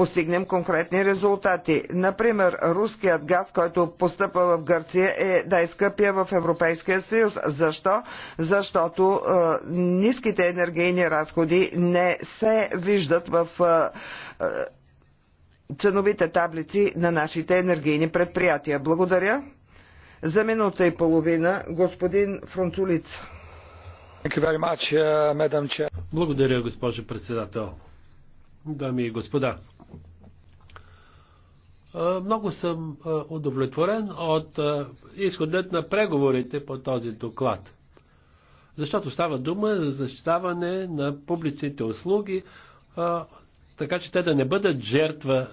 постигнем конкретни резултати. Например, руският газ, който постъпва в Гърция е най-скъпия в Европейския съюз. Защо? Защото е, ниските енергийни разходи не се виждат в е, е, ценовите таблици на нашите енергийни предприятия. Благодаря. За минута и половина господин Фронцулица. Uh, Благодаря, госпожо председател. Дами и господа, много съм удовлетворен от изходът на преговорите по този доклад. Защото става дума за защитаване на публичните услуги, така че те да не бъдат жертва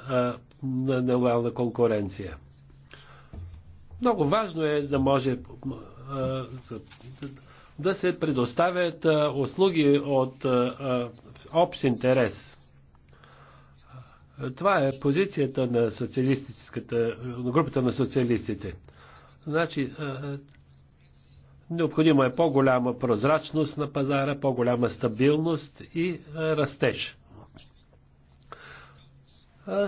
на нелоялна конкуренция. Много важно е да може да се предоставят услуги от общ интерес това е позицията на социалистическата, на групата на социалистите. Значи, необходима е по-голяма прозрачност на пазара, по-голяма стабилност и растеж.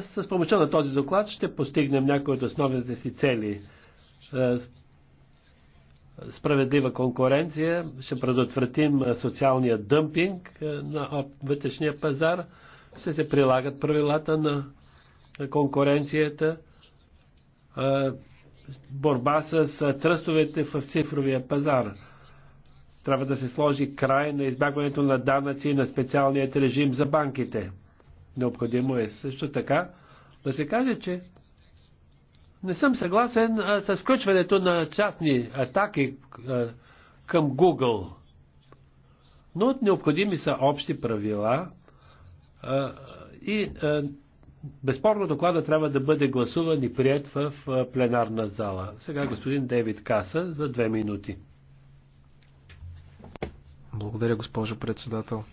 С помощта на този доклад ще постигнем някои от основните си цели. Справедлива конкуренция, ще предотвратим социалния дъмпинг на вътрешния пазар, ще се прилагат правилата на, конкуренцията, борба с тръстовете в цифровия пазар. Трябва да се сложи край на избягването на данъци и на специалният режим за банките. Необходимо е също така да се каже, че не съм съгласен с включването на частни атаки към Google. Но необходими са общи правила, и безспорно доклада трябва да бъде гласуван и прият в пленарна зала. Сега господин Дейвид Каса за две минути. Благодаря, госпожо председател.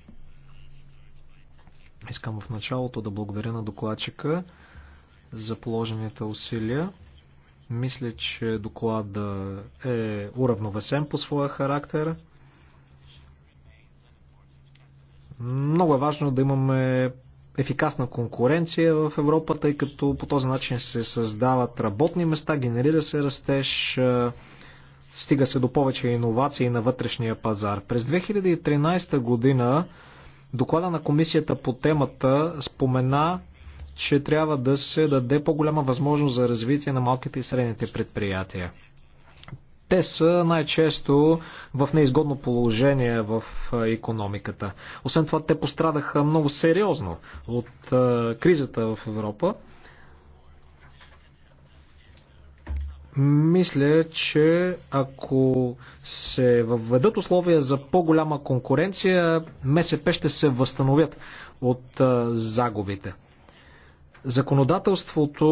Искам в началото да благодаря на докладчика за положените усилия. Мисля, че доклада е уравновесен по своя характер. Много е важно да имаме ефикасна конкуренция в Европа, тъй като по този начин се създават работни места, генерира се растеж, е, стига се до повече иновации на вътрешния пазар. През 2013 година доклада на комисията по темата спомена, че трябва да се даде по-голяма възможност за развитие на малките и средните предприятия те са най-често в неизгодно положение в економиката. Освен това, те пострадаха много сериозно от кризата в Европа. Мисля, че ако се въведат условия за по-голяма конкуренция, МСП ще се възстановят от загубите. Законодателството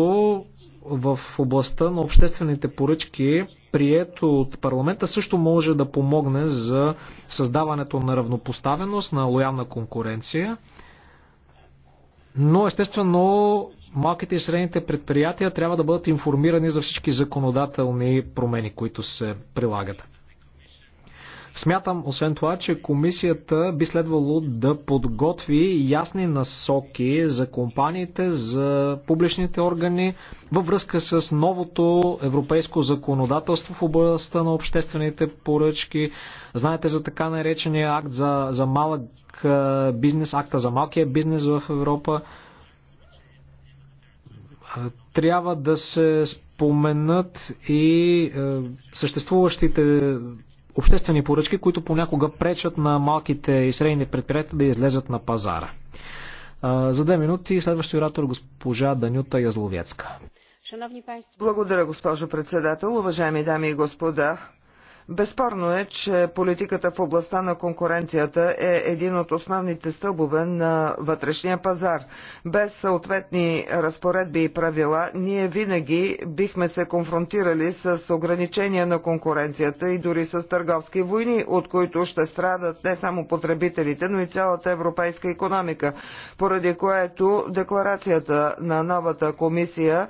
в областта на обществените поръчки, прието от парламента, също може да помогне за създаването на равнопоставеност, на лоялна конкуренция. Но естествено малките и средните предприятия трябва да бъдат информирани за всички законодателни промени, които се прилагат. Смятам, освен това, че комисията би следвало да подготви ясни насоки за компаниите, за публичните органи във връзка с новото европейско законодателство в областта на обществените поръчки. Знаете за така наречения акт за, за малък бизнес, акта за малкия бизнес в Европа трябва да се споменат и е, съществуващите обществени поръчки, които понякога пречат на малките и средни предприятия да излезат на пазара. За две минути следващия оратор госпожа Данюта Язловецка. Благодаря, госпожо председател. Уважаеми дами и господа, Безспорно е, че политиката в областта на конкуренцията е един от основните стълбове на вътрешния пазар. Без съответни разпоредби и правила, ние винаги бихме се конфронтирали с ограничения на конкуренцията и дори с търговски войни, от които ще страдат не само потребителите, но и цялата европейска економика, поради което декларацията на новата комисия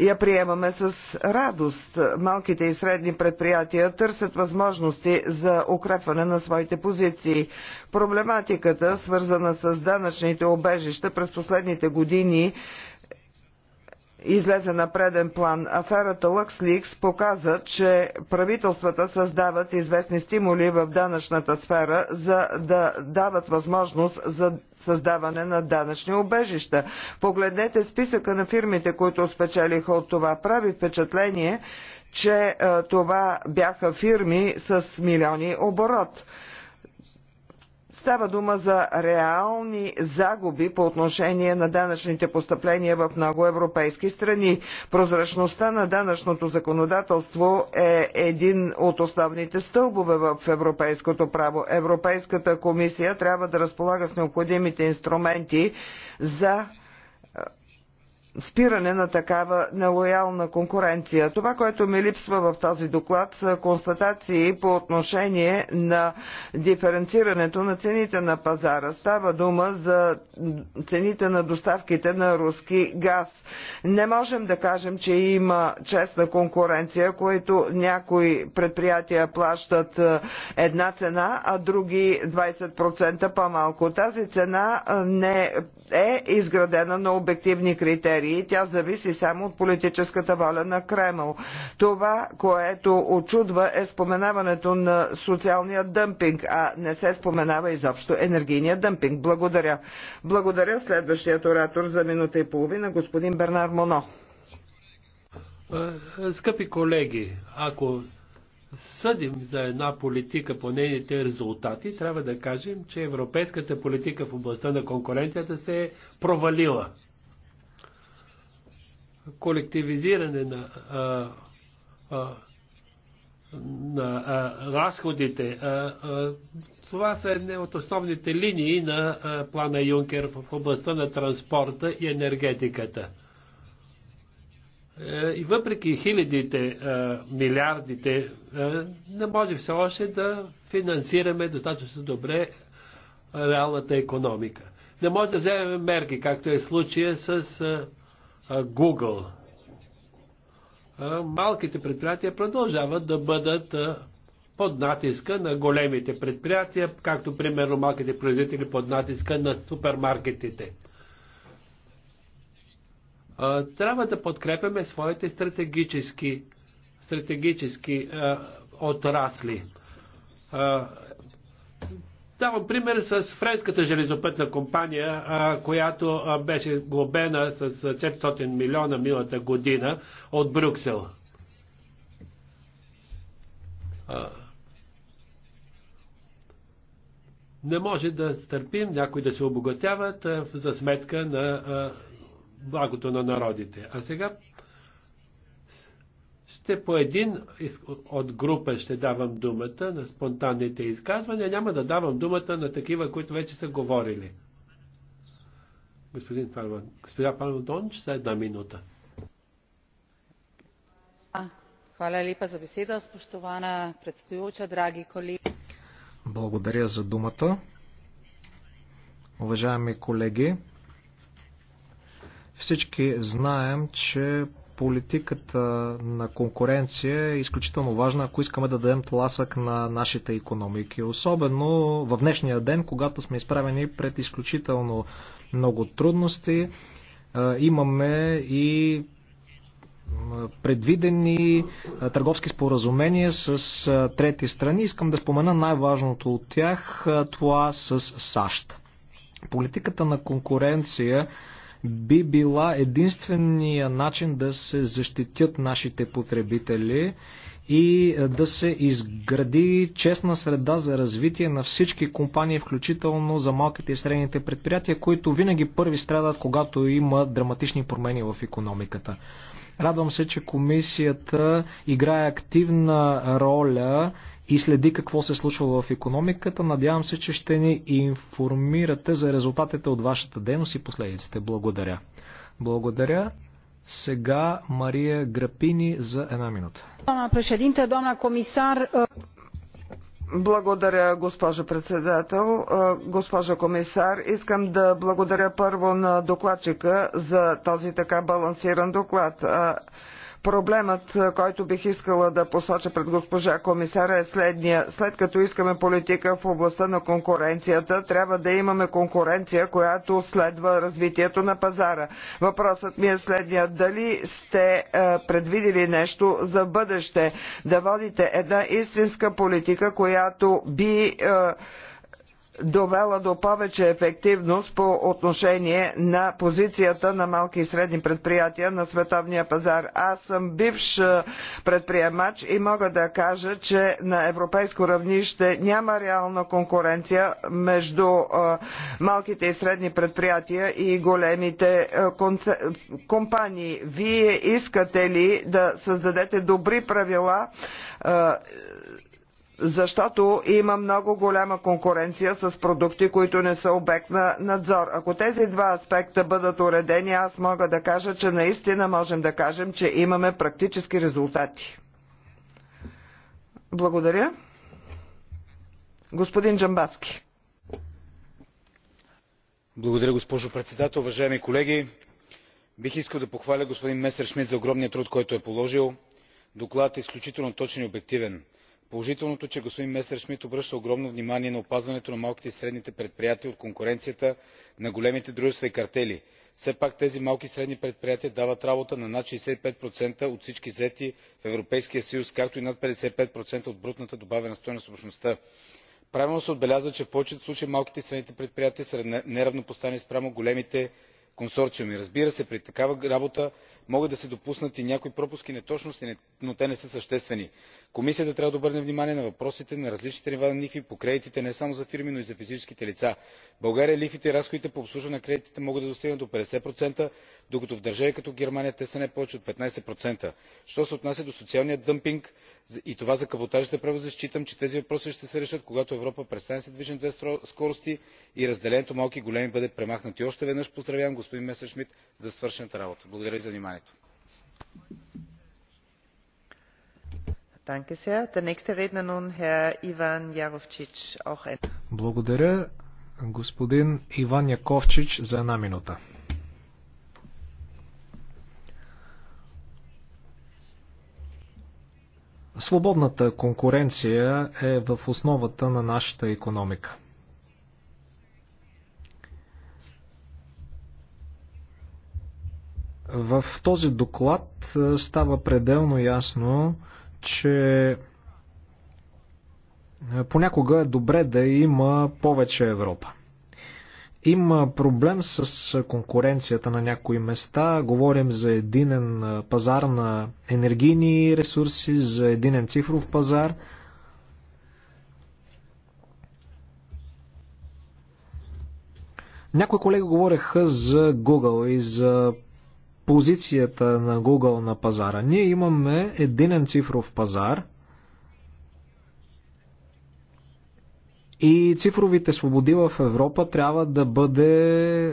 я приемаме с радост. Малките и средни предприятия търсят възможности за укрепване на своите позиции. Проблематиката, свързана с данъчните обежища през последните години, излезе на преден план. Аферата LuxLeaks показа, че правителствата създават известни стимули в данъчната сфера, за да дават възможност за създаване на данъчни обежища. Погледнете списъка на фирмите, които спечелиха от това. Прави впечатление, че това бяха фирми с милиони оборот. Става дума за реални загуби по отношение на данъчните постъпления в много европейски страни. Прозрачността на данъчното законодателство е един от основните стълбове в европейското право. Европейската комисия трябва да разполага с необходимите инструменти за спиране на такава нелоялна конкуренция. Това, което ми липсва в този доклад са констатации по отношение на диференцирането на цените на пазара. Става дума за цените на доставките на руски газ. Не можем да кажем, че има честна конкуренция, което някои предприятия плащат е, една цена, а други 20% по-малко. Тази цена е, не е изградена на обективни критерии и Тя зависи само от политическата воля на Кремъл. Това, което очудва е споменаването на социалния дъмпинг, а не се споменава изобщо енергийния дъмпинг. Благодаря. Благодаря следващият оратор за минута и половина, господин Бернар Моно. Е, скъпи колеги, ако съдим за една политика по нейните резултати, трябва да кажем, че европейската политика в областта на конкуренцията се е провалила колективизиране на, а, а, на а, разходите. А, а, това са едни от основните линии на а, плана Юнкер в областта на транспорта и енергетиката. Е, и въпреки хилядите, милиардите, не може все още да финансираме достатъчно добре реалната економика. Не може да вземем мерки, както е случая с Google. Малките предприятия продължават да бъдат под натиска на големите предприятия, както примерно малките производители под натиска на супермаркетите. Трябва да подкрепяме своите стратегически, стратегически отрасли. Давам пример с френската железопътна компания, която беше глобена с 400 милиона милата година от Брюксел. Не може да стърпим някои да се обогатяват за сметка на благото на народите. А сега ще по един от група ще давам думата на спонтанните изказвания. Няма да давам думата на такива, които вече са говорили. Господин Парман, господин Парман Донч, за една минута. Hvala липа за беседа, spoštovana предстоюча, драги колеги. Благодаря за думата. Уважаеми колеги, всички знаем, че политиката на конкуренция е изключително важна, ако искаме да дадем тласък на нашите економики. Особено в днешния ден, когато сме изправени пред изключително много трудности, е, имаме и е, предвидени е, търговски споразумения с трети страни. Искам да спомена най-важното от тях, това с САЩ. Политиката на конкуренция би била единствения начин да се защитят нашите потребители и е, да се изгради честна среда за развитие на всички компании, включително за малките и средните предприятия, които винаги първи страдат, когато има драматични промени в економиката. Радвам се, че комисията играе активна роля и следи какво се случва в економиката. Надявам се, че ще ни информирате за резултатите от вашата дейност и последиците. Благодаря. Благодаря. Сега Мария Грапини за една минута. Доамна președинте, доамна комисар. Э, благодаря, госпожо председател. Э, госпожо комисар, искам да благодаря първо на докладчика за този така балансиран доклад. Э, Проблемът, който бих искала да посоча пред госпожа комисара е следния. След като искаме политика в областта на конкуренцията, трябва да имаме конкуренция, която следва развитието на пазара. Въпросът ми е следния. Дали сте предвидили нещо за бъдеще да водите една истинска политика, която би довела до повече ефективност по отношение на позицията на малки и средни предприятия на световния пазар. Аз съм бивш предприемач и мога да кажа, че на европейско равнище няма реална конкуренция между малките и средни предприятия и големите компании. Вие искате ли да създадете добри правила защото има много голяма конкуренция с продукти, които не са обект на надзор. Ако тези два аспекта бъдат уредени, аз мога да кажа, че наистина можем да кажем, че имаме практически резултати. Благодаря. Господин Джамбаски. Благодаря, госпожо председател. Уважаеми колеги, бих искал да похваля господин Месершмит за огромния труд, който е положил. Докладът е изключително точен и обективен положителното е че господин месершмидт обръща огромно внимание на опазването на малките и средните предприятия от конкуренцията на големите дружества и картели. все пак тези малки и средни предприятия дават работа на над шестдесет и пет от всички заети в европейския съюз както и над петдесет и пет от брутната добавена стойност в общността. правилно се отбелязва че в повечето случаи малките и средните предприятия са неравнопоставени спрямо големите консорциуми. разбира се при такава работа могат да се допуснат и някои пропуски и неточности но те не са съществени. комисията трябва да обърне внимание на въпросите на различните нива на лихви по кредитите не само за фирми но и за физическите лица. в българя лихвите и разходите по обслужване на кредитите могат да достигнат до петдесет докато в държави като германия те са не повече от. петнадесет що се отнася до социалния дъмпинг и това за каботажните превози считам че тези въпроси ще се решат когато европа престане да се движи на две скорости и разделението малки и големи бъде премахнато. и още веднъж поздравявам господин Месершмит за свършената работа. благодаря ви за вниманието вниманието. Благодаря, господин Иван Яковчич, за една минута. Свободната конкуренция е в основата на нашата економика. В този доклад става пределно ясно, че понякога е добре да има повече Европа. Има проблем с конкуренцията на някои места. Говорим за единен пазар на енергийни ресурси, за единен цифров пазар. Някои колеги говореха за Google и за позицията на Google на пазара. Ние имаме единен цифров пазар и цифровите свободи в Европа трябва да бъде е,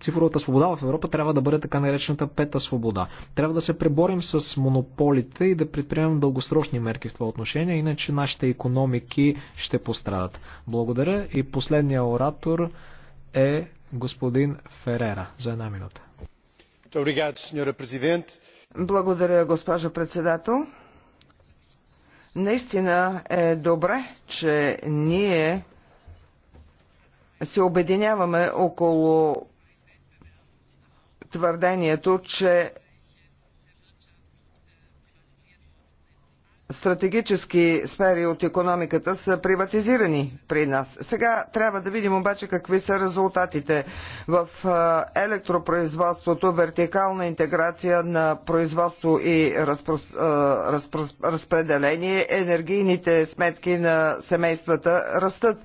цифровата свобода в Европа трябва да бъде така наречената пета свобода. Трябва да се преборим с монополите и да предприемем дългосрочни мерки в това отношение, иначе нашите економики ще пострадат. Благодаря и последния оратор е господин Ферера за една минута. Благодаря, госпожо председател. Наистина е добре, че ние се обединяваме около твърдението, че стратегически сфери от економиката са приватизирани при нас. Сега трябва да видим обаче какви са резултатите в електропроизводството, вертикална интеграция на производство и разпро... разпро... разпределение, енергийните сметки на семействата растат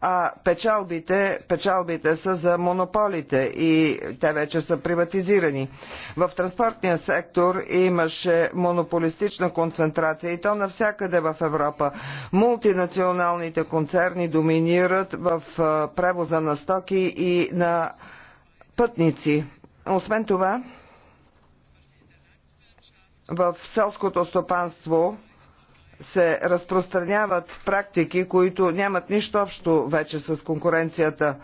а печалбите, печалбите са за монополите и те вече са приватизирани. В транспортния сектор имаше монополистична концентрация и то навсякъде в Европа. Мултинационалните концерни доминират в превоза на стоки и на пътници. Освен това, в селското стопанство се разпространяват практики, които нямат нищо общо вече с конкуренцията.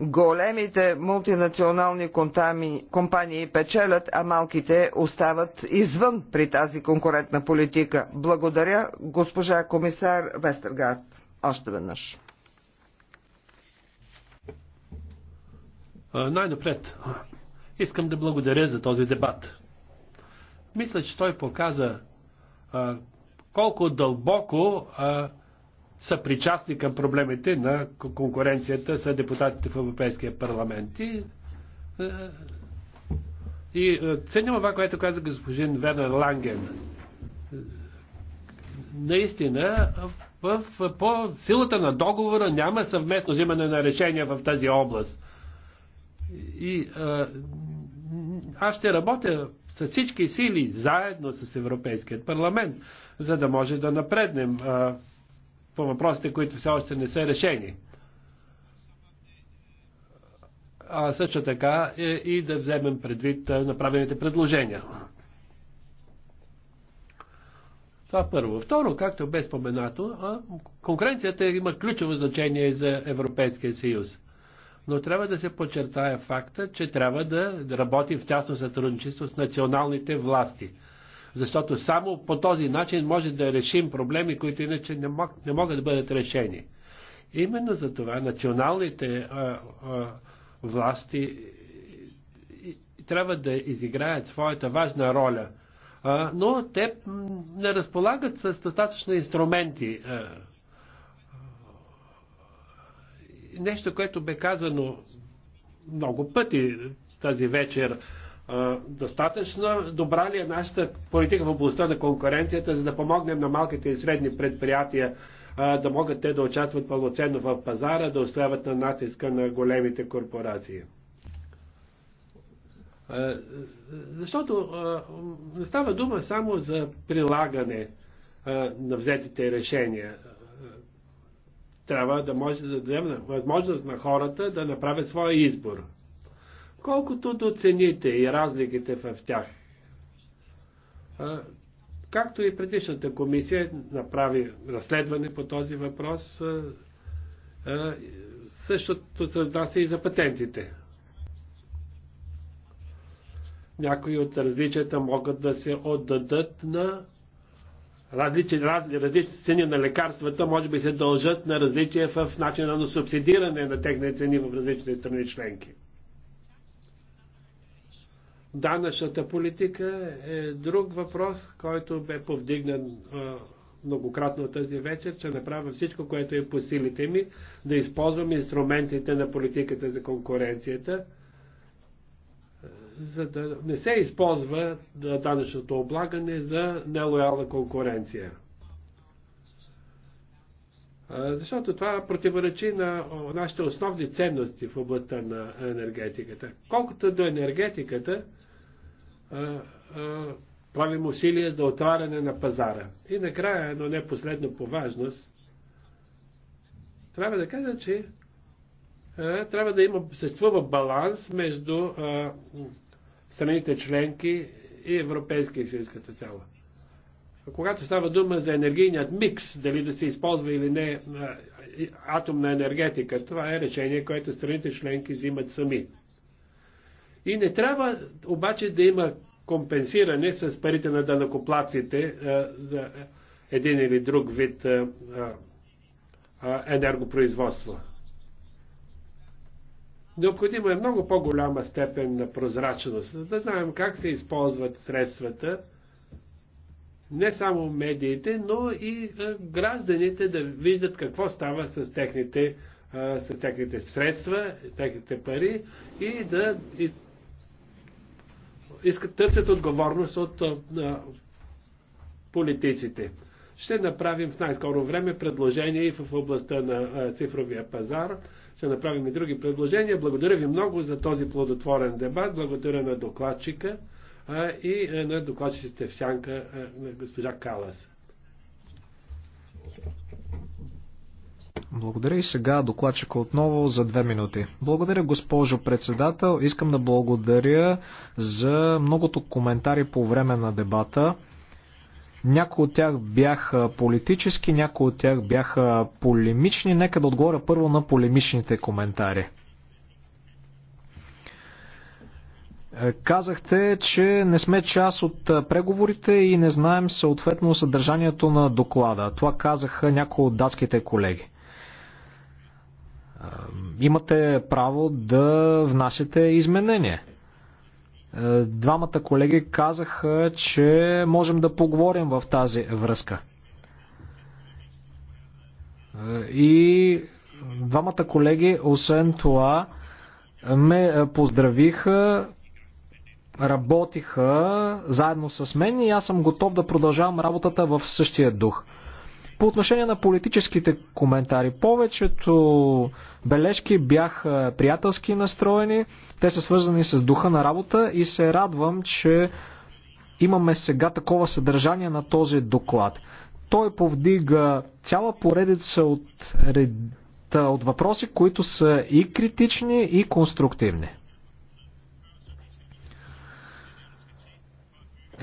Големите мултинационални компании печелят, а малките остават извън при тази конкурентна политика. Благодаря, госпожа комисар Вестергард, още веднъж. Най-напред, искам да благодаря за този дебат. Мисля, че той показа колко дълбоко а, са причастни към проблемите на конкуренцията с депутатите в Европейския парламент. И, и ценим това, което каза господин Вернер Ланген. Наистина, в, в, по силата на договора няма съвместно взимане на решения в тази област. И а, аз ще работя с всички сили, заедно с Европейският парламент, за да може да напреднем а, по въпросите, които все още не са решени. А също така е, и да вземем предвид направените предложения. Това първо. Второ, както бе споменато, конкуренцията има ключово значение за Европейския съюз но трябва да се подчертая факта, че трябва да работим в тясно сътрудничество с националните власти. Защото само по този начин може да решим проблеми, които иначе не, мог, не могат да бъдат решени. Именно за това националните а, а, власти трябва да изиграят своята важна роля. А, но те не разполагат с достатъчно инструменти. А, нещо, което бе казано много пъти тази вечер. Достатъчно добра ли е нашата политика в областта на конкуренцията, за да помогнем на малките и средни предприятия да могат те да участват пълноценно в пазара, да устояват на натиска на големите корпорации? Защото не става дума само за прилагане на взетите решения. Трябва да може да дадем възможност на хората да направят своя избор. Колкото до цените и разликите в тях, както и предишната комисия направи разследване по този въпрос, същото се отнася и за патентите. Някои от различията могат да се отдадат на различни, различни цени на лекарствата може би се дължат на различия в начина на субсидиране на техните цени в различните страни членки. Данъчната политика е друг въпрос, който бе повдигнат многократно тази вечер, че направя всичко, което е по силите ми, да използвам инструментите на политиката за конкуренцията за да не се използва данъчното облагане за нелоялна конкуренция. Защото това противоречи на нашите основни ценности в областта на енергетиката. Колкото до енергетиката, правим усилия за отваряне на пазара. И накрая, но не последно по важност, трябва да кажа, че трябва да има, съществува баланс между страните членки и Европейския съюз като цяло. Когато става дума за енергийният микс, дали да се използва или не атомна енергетика, това е решение, което страните членки взимат сами. И не трябва обаче да има компенсиране с парите на данакоплаците за един или друг вид енергопроизводство. Необходима е много по-голяма степен на прозрачност, за да знаем как се използват средствата, не само медиите, но и гражданите да виждат какво става с техните, с техните средства, техните пари и да искат, търсят отговорност от политиците. Ще направим в най-скоро време предложение и в областта на цифровия пазар ще направим и други предложения. Благодаря ви много за този плодотворен дебат. Благодаря на докладчика а, и е, на докладчиците в сянка а, е, на госпожа Калас. Благодаря и сега докладчика отново за две минути. Благодаря госпожо председател. Искам да благодаря за многото коментари по време на дебата. Някои от тях бяха политически, някои от тях бяха полемични. Нека да отговоря първо на полемичните коментари. Е, казахте, че не сме част от е, преговорите и не знаем съответно съдържанието на доклада. Това казаха някои от датските колеги. Е, имате право да внасяте изменения. Е, двамата колеги казаха, че можем да поговорим в тази връзка. Е, и двамата колеги, освен това, ме поздравиха, работиха заедно с мен и аз съм готов да продължавам работата в същия дух. По отношение на политическите коментари, повечето бележки бяха приятелски настроени, те са свързани с духа на работа и се радвам, че имаме сега такова съдържание на този доклад. Той повдига цяла поредица от, ред... от въпроси, които са и критични, и конструктивни.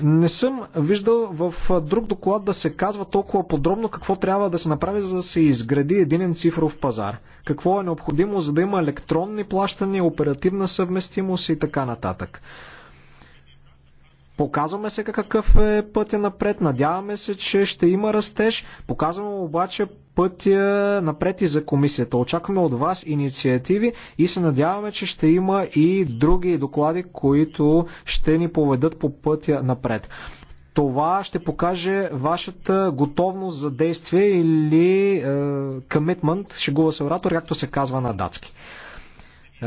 Не съм виждал в друг доклад да се казва толкова подробно какво трябва да се направи, за да се изгради един цифров пазар. Какво е необходимо, за да има електронни плащания, оперативна съвместимост и така нататък. Показваме се какъв е пътя напред, надяваме се, че ще има растеж. Показваме обаче пътя напред и за комисията. Очакваме от вас инициативи и се надяваме, че ще има и други доклади, които ще ни поведат по пътя напред. Това ще покаже вашата готовност за действие или е, commitment, шегува се оратор, както се казва на датски. Е,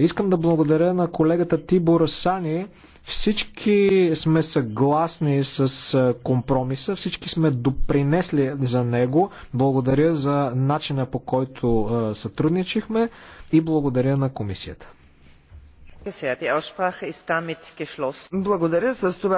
искам да благодаря на колегата Тибор Сани, всички сме съгласни с компромиса, всички сме допринесли за него. Благодаря за начина по който сътрудничихме и благодаря на комисията. Благодаря. С това